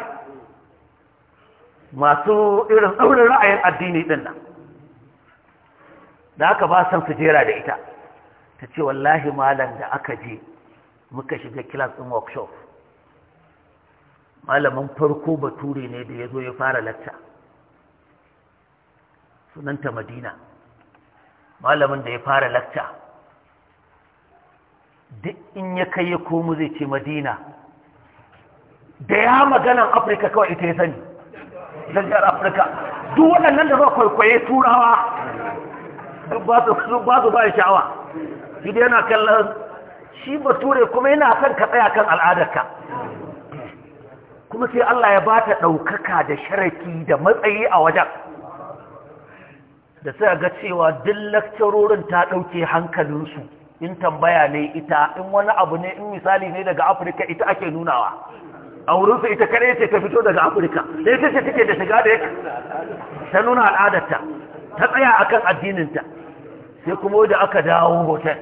masu irin tsaurin ra'ayin addini din nan da aka ba san su jera da ita ta ce wallahi malam da aka je muka shiga kilas ɗin workshop malamin farko bature ne da ya zo ya fara lacca sunanta madina malamin da ya fara lacca duk in ya kai ya komu zai ce madina da ya maganan afirka kawai ita ya sani zan zanjar afirka duk waɗannan da zuwa kwaikwaye turawa ba su ba sha'awa shi yana kallon shi bature kuma yana son ka tsaya kan al'adarka kuma sai Allah ya ba ta ɗaukaka da sharaki da matsayi a wajen da sai ga cewa duk lakcarorin ta ɗauke hankalinsu in tambaya ne ita in wani abu ne in misali ne daga afirka ita ake nunawa a wurinsu ita kare ce ta fito daga afirka da ita ce take da shiga da ya ta nuna al'adarta ta tsaya akan addininta sai kuma da aka dawo hotel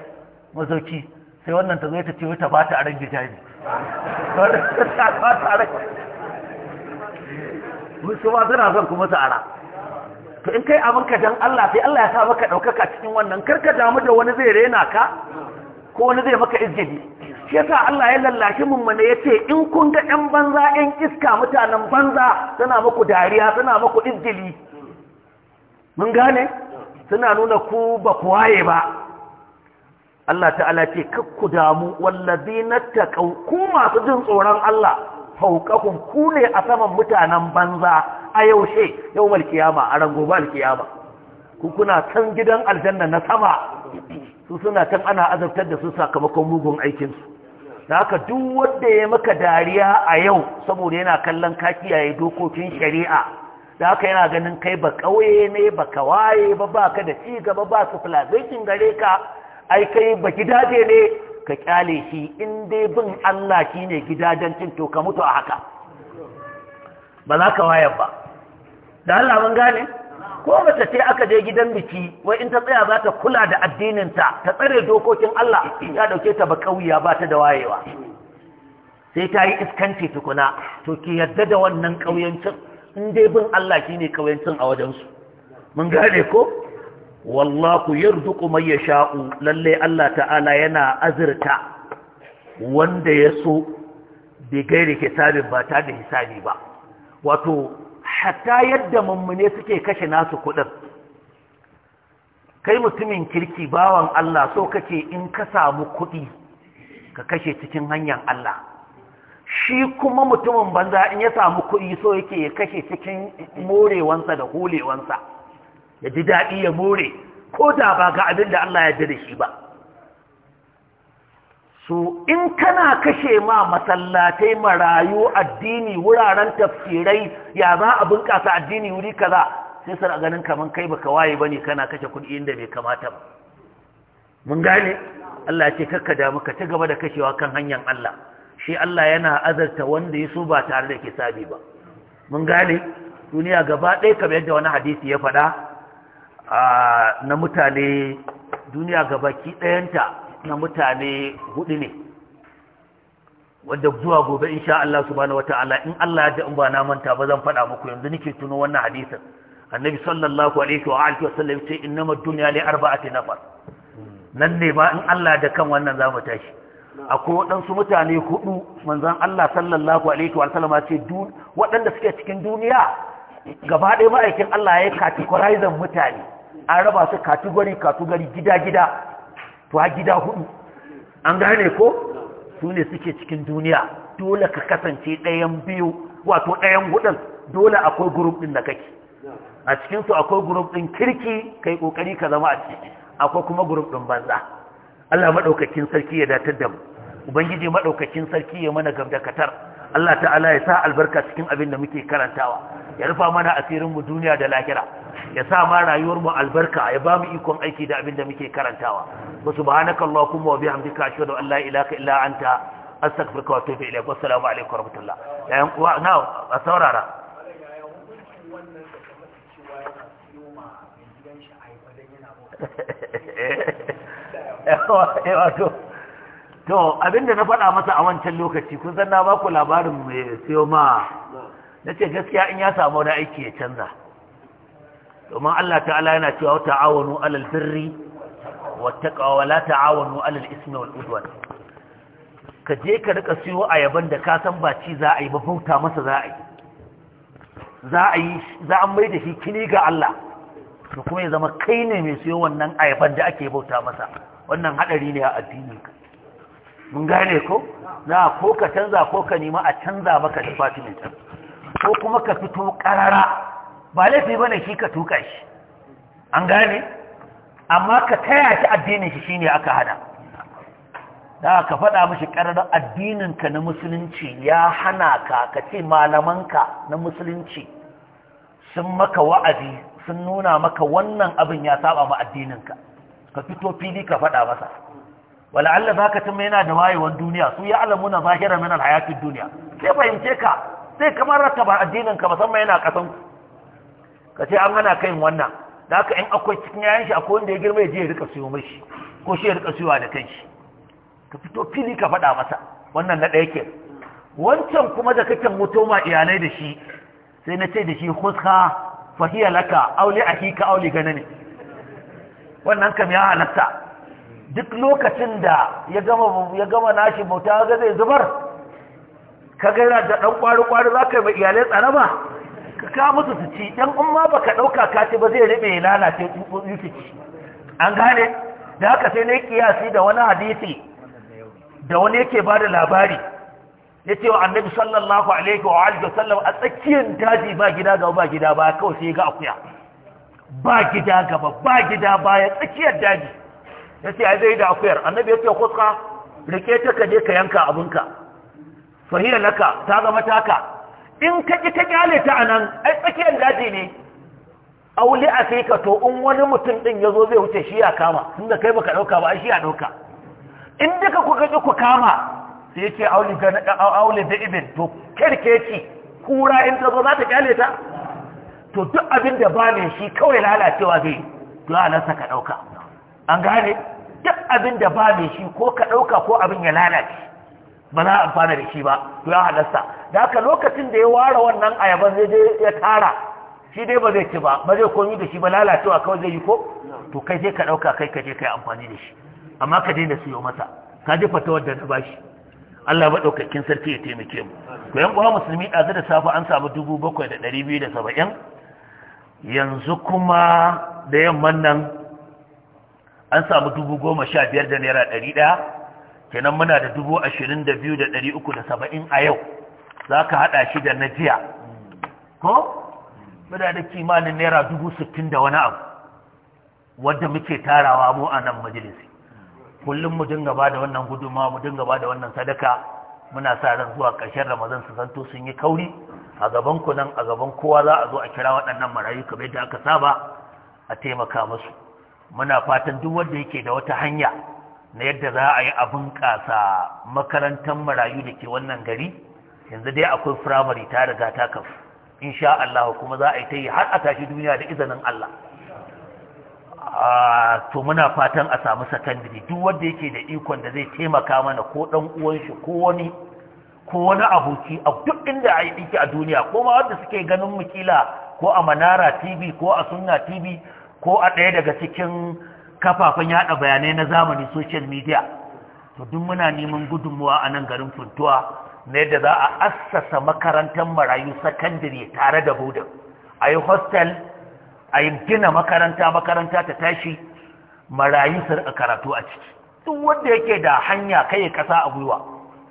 mazauki sai wannan ta zai ta ce wata ba ta aran gidaje musu ba suna son kuma tsara to in kai abinka don Allah sai Allah ya sa maka ɗaukaka cikin wannan karka damu da wani zai rena ka ko wani zai maka izgidi yasa Allah ya lallashi mana ya ce in kun ga ɗan banza ɗan iska mutanen banza suna maku dariya suna maku izgili mun gane suna nuna ku ba ku ba Allah ta'ala ce kakku damu wallazi na taqaw ku masu jin tsoron Allah fauqakum ku ne a saman mutanen banza a yaushe yau malkiyama a ran gobe alkiyama ku kuna can gidan aljanna na sama su suna can ana azabtar da su sakamakon mugun aikinsu da haka duk wanda ya maka dariya a yau saboda yana kallon ka kiyaye dokokin shari'a da haka yana ganin kai ba kauye ne ba waye ba ba ka da ci gaba ba su filazaikin gare ka ai kai ba gidaje ne ka kyale shi in dai bin Allah shi ne gidajen cin to ka mutu a haka ba za ka wayar ba da Allah mun gane ko mace ce aka je gidan biki wai in ta tsaya za ta kula da addininta ta tsare dokokin Allah ya dauke ta ba kauya ba ta da wayewa sai ta yi iskanci tukuna to ki yadda da wannan kauyancin in dai bin Allah shine kauyancin a wajen su mun gane ko wallahu yarzuqu man yasha'u lalle Allah ta'ala yana azurta wanda ya so bai gaire hisabin ba ta da hisabi ba wato hatta yadda mummune suke kashe nasu kuɗin kai mutumin kirki bawan Allah so kake in ka samu kuɗi ka kashe cikin hanyar Allah shi kuma mutumin banza in ya samu kuɗi so yake ya kashe cikin morewansa da hulewansa ya ji daɗi ya more ko da ba ga abin da Allah ya da shi ba so in kana kashe ma masallatai marayu addini wuraren tafsirai ya za a bunƙasa addini wuri kaza sai sana ganin kaman kai baka waye bane kana kashe kuɗi inda bai kamata ba mun gane Allah ce kakka da muka ci gaba da kashewa kan hanyar Allah shi Allah yana azarta wanda ya so ba tare da kisabi ba mun gane duniya gaba ɗaya kamar yadda wani hadisi ya faɗa na mutane duniya gabaki ɗayanta na mutane hudu ne wadda zuwa gobe insha Allah subhanahu wataala in Allah ya ji in ba na manta ba zan faɗa muku yanzu nake tuno wannan hadisin annabi sallallahu alaihi wa alihi wa sallam ce innama dunya li arba'ati nafar nan ne ba in Allah da kan wannan mu tashi akwai waɗansu mutane hudu manzon Allah sallallahu alaihi wa sallam ce waɗanda suke cikin duniya gaba ɗaya ma'aikin Allah ya yi categorizing mutane an raba su category category gida gida to a gida hudu an gane ko su ne suke cikin duniya dole ka kasance ɗayan biyu wato ɗayan hudun dole akwai gurup ɗin da kake a cikinsu akwai gurup ɗin kirki kai ƙoƙari ka zama a ciki akwai kuma gurup ɗin banza Allah maɗaukakin sarki ya datar da ubangiji maɗaukakin sarki ya mana gamdakatar Allah ta'ala ya sa albarka cikin abin da muke karantawa ya rufa mana asirin mu duniya da lahira ya sa ma rayuwar mu albarka ya ba mu ikon aiki da abin da muke karantawa wa subhanaka allahumma wa bihamdika ashhadu an la ilaha illa anta astaghfiruka wa atubu ilayk assalamu alaikum wa rahmatullah yan uwa na a saurara wato to abinda na faɗa masa a wancan lokaci kun san na ba ku labarin mai siyo ma na ce gaskiya in ya samu wani aiki ya canza domin Allah ta'ala yana cewa wata ta'awanu alal birri wata taqwa wa alal ismi udwan ka je ka rika siyo ayaban da ka san ba ci za a yi ba bauta masa za a yi za a mai da shi kini ga Allah su kuma ya zama kai ne mai siyo wannan ayaban da ake bauta masa wannan hadari ne a addini ka mun gane ko za ko ka canza ko ka nima a canza maka department canza ko kuma ka fito ƙarara. ba laifi ne shi ka tuka shi an gane amma ka taya shi addinin shi shine aka hada da ka faɗa mishi ƙararar addininka na musulunci ya hana ka ka ce malamanka na musulunci sun maka wa'azi sun nuna maka wannan abin ya saba ma addininka ka fito fili ka faɗa masa wala'alla za ka cimma yana da wayewar duniya su ya alamuna zahira min alhayatun duniya sai fahimce ka Sai kamar raka ba addinin ka musamman yana kasan ku. ka ce an hana kai wannan da haka in akwai cikin yayan shi akwai wanda ya girma ya je ya rika siyo mishi ko shi ya rika siyowa da kanshi ka fito fili ka faɗa masa wannan na ɗaya ke wancan kuma da kake mutu ma iyalai da shi sai na ce da shi huska fahiya laka aule akika aule gane ne wannan kam ya halatta duk lokacin da ya gama nashi bauta ga zai zubar ka gaira da ɗan ƙwari-ƙwari za ka yi iyalai tsana ba ka ka musu su ci ɗan in ma ba ka ɗauka ka ci ba zai riɓe ya lalace tsutsotsi su ci an gane da haka sai na kiyasi da wani hadisi da wani yake ba da labari ya ce wa annabi sallallahu alaihi wa alihi wasallam a tsakiyar daji ba gida gaba ba gida ba kawai sai ga akuya ba gida gaba ba gida baya tsakiyar daji ya ce a zai da akuyar annabi ya ce kuska rike ta ka je ka yanka abinka fahiyar laka ta zama taka in ka ta kyale ta a nan ai tsakiyar daji ne auli a sai ka to in wani mutum ɗin ya zo zai wuce shi ya kama tun da kai baka ɗauka ba ai shi ya ɗauka in duka ku gaji ku kama sai ya ce auli da ibin to kerkeci kura in ta zo za ta ƙyale ta to duk abin da ba ne shi kawai lalacewa zai to halarsa ka ɗauka an gane duk abin da ba ne shi ko ka ɗauka ko abin ya lalace ba za a amfana da shi ba to ya halasta da haka lokacin da ya ware wannan ayaban zai je ya tara shi dai ba zai ci ba ba zai komi da shi ba lalacewa kawai zai yi ko to kai sai ka ɗauka kai ka je ka yi amfani da shi amma ka daina siyo masa ka je fatawar wadda na bashi Allah maɗaukakin sarki ya taimake mu to yan uwa musulmi ɗazu da safe an samu dubu bakwai da ɗari biyu da saba'in yanzu kuma da yamman nan an samu dubu goma sha biyar da naira ɗari ɗaya kenan muna da dubu ashirin da biyu da ɗari uku da saba'in a yau za ka haɗa shi da na jiya ko muna da kimanin naira dubu sittin da wani abu wadda muke tarawa mu a nan majalisi kullum mu dinga ba da wannan guduma mu dinga ba da wannan sadaka muna sa ran zuwa ƙarshen ramadan su zanto sun yi kauri a gaban ku nan a gaban kowa za a zo a kira waɗannan marayu kamar yadda aka saba a taimaka musu muna fatan duk wanda yake da wata hanya na yadda za a yi abin ƙasa makarantar marayu da ke wannan gari yanzu dai akwai firamare ta riga ta kafu insha Allah kuma za a yi ta yi har a tashi duniya da izinin Allah to muna fatan a samu sakandare duk wanda yake da ikon da zai taimaka mana ko ɗan uwan shi ko wani ko wani aboki a duk inda a yi ɗinki a duniya ko ma wanda suke ganin mukila kila ko a manara tv ko a sunna tv ko a ɗaya daga cikin kafafen yada bayanai na zamani social media to duk muna neman gudunmuwa a nan garin funtuwa na yadda za a assasa makarantar marayu sakandare tare da budan a yi hostel a yi gina makaranta makaranta ta tashi marayu sarƙa karatu a ciki duk wanda yake da hanya kai kasa a gwiwa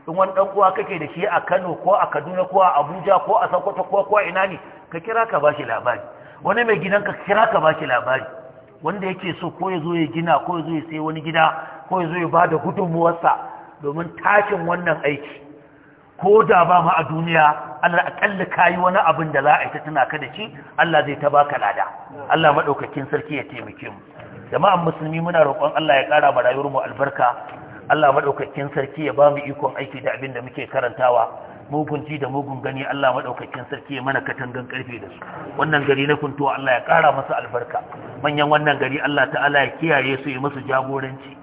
in wani dan uwa kake da shi a Kano ko a Kaduna ko a Abuja ko a Sokoto ko ko ina ne ka kira ka bashi labari wani mai gidanka kira ka bashi labari wanda yake so ko ya zo ya gina ko ya zo ya sai wani gida ko ya zo ya ba da gudunmuwarsa domin tashin wannan aiki ko da ba ma a duniya Allah aƙalla ka yi wani abin da za a yi ta tunaka da shi Allah zai ta baka lada Allah maɗaukakin sarki ya taimake mu jama'an musulmi muna roƙon Allah ya ƙara ma rayuwar mu albarka Allah maɗaukakin sarki ya ba mu ikon aiki da abin da muke karantawa mugunci da mugun gani Allah madaukakin sarki ya mana katangan karfe da su wannan gari na kuntuwa Allah ya kara masa albarka manyan wannan gari Allah ta'ala ya kiyaye su ya musu jagoranci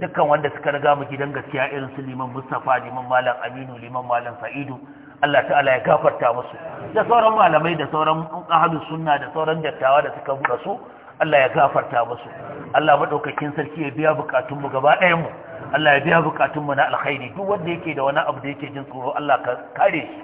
dukkan wanda suka riga mu gidan gaskiya irin su liman Mustafa liman Malam Aminu liman Malam Sa'idu Allah ta'ala ya gafarta musu da sauran malamai da sauran ahli sunna da sauran dattawa da suka buɗe su Allah ya gafarta musu Allah madaukakin sarki ya biya bukatun mu gaba ɗayan mu Allah ya biya bukatunmu na alkhairi duk wanda yake da wani abu da yake jin tsoro Allah ka kare shi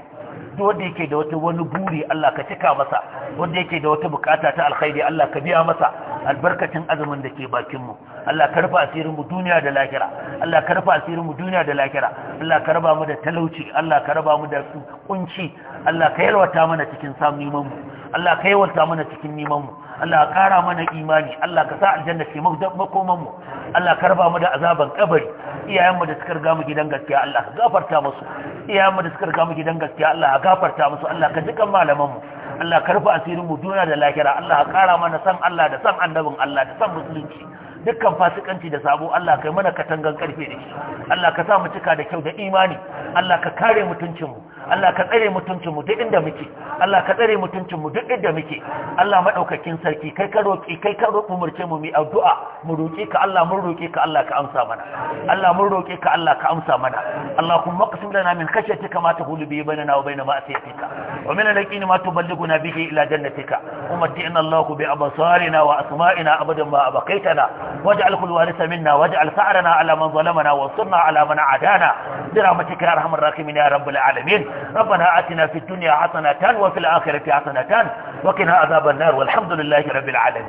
duk wanda yake da wata wani buri Allah ka cika masa wanda yake da wata bukata ta alkhairi Allah ka biya masa albarkacin azumin da ke bakin mu Allah ka rufa asirin mu duniya da lahira Allah ka rufa asirin mu duniya da lahira Allah ka raba mu da talauci Allah ka raba mu da kunci Allah ka yalwata mana cikin samun Allah ka yalwata mana cikin neman mu Allah ka kara mana imani Allah ka sa aljanna ce makoman mu Allah ka raba mu da azaban kabari iyayen mu da suka riga mu gidan gaskiya Allah ka gafarta musu iyayen mu da suka riga mu gidan gaskiya Allah ka gafarta musu Allah ka dukan malaman mu Allah ka rufa asirin mu duniya da lahira Allah ka kara mana san Allah da san annabin Allah da san musulunci dukkan fasikanci da sabo Allah kai mana katangan karfe da shi Allah ka sa mu cika da kyau da imani Allah ka kare mutuncin mu Allah ka tsare mutuncin mu duk inda muke Allah ka tsare mutuncin mu duk inda muke Allah madaukakin sarki kai ka roki kai ka roki umurce mu mu addu'a mu roke ka Allah mun roke ka Allah ka amsa mana Allah mun roke ka Allah ka amsa mana Allahumma qsim lana min khashyatika ma tahulu bi bainana wa bain ma'siyatika wa min al-yaqini ma tuballighuna bihi ila jannatika umatina Allah bi absarina wa asma'ina abadan ma abqaitana waj'al kullu warisa minna waj'al sa'rana ala man zalamana wa sunna ala man adana برحمتك يا ارحم الراحمين يا رب العالمين ربنا آتنا في الدنيا عطنتان وفي الآخرة عطنتان وقنا عذاب النار والحمد لله رب العالمين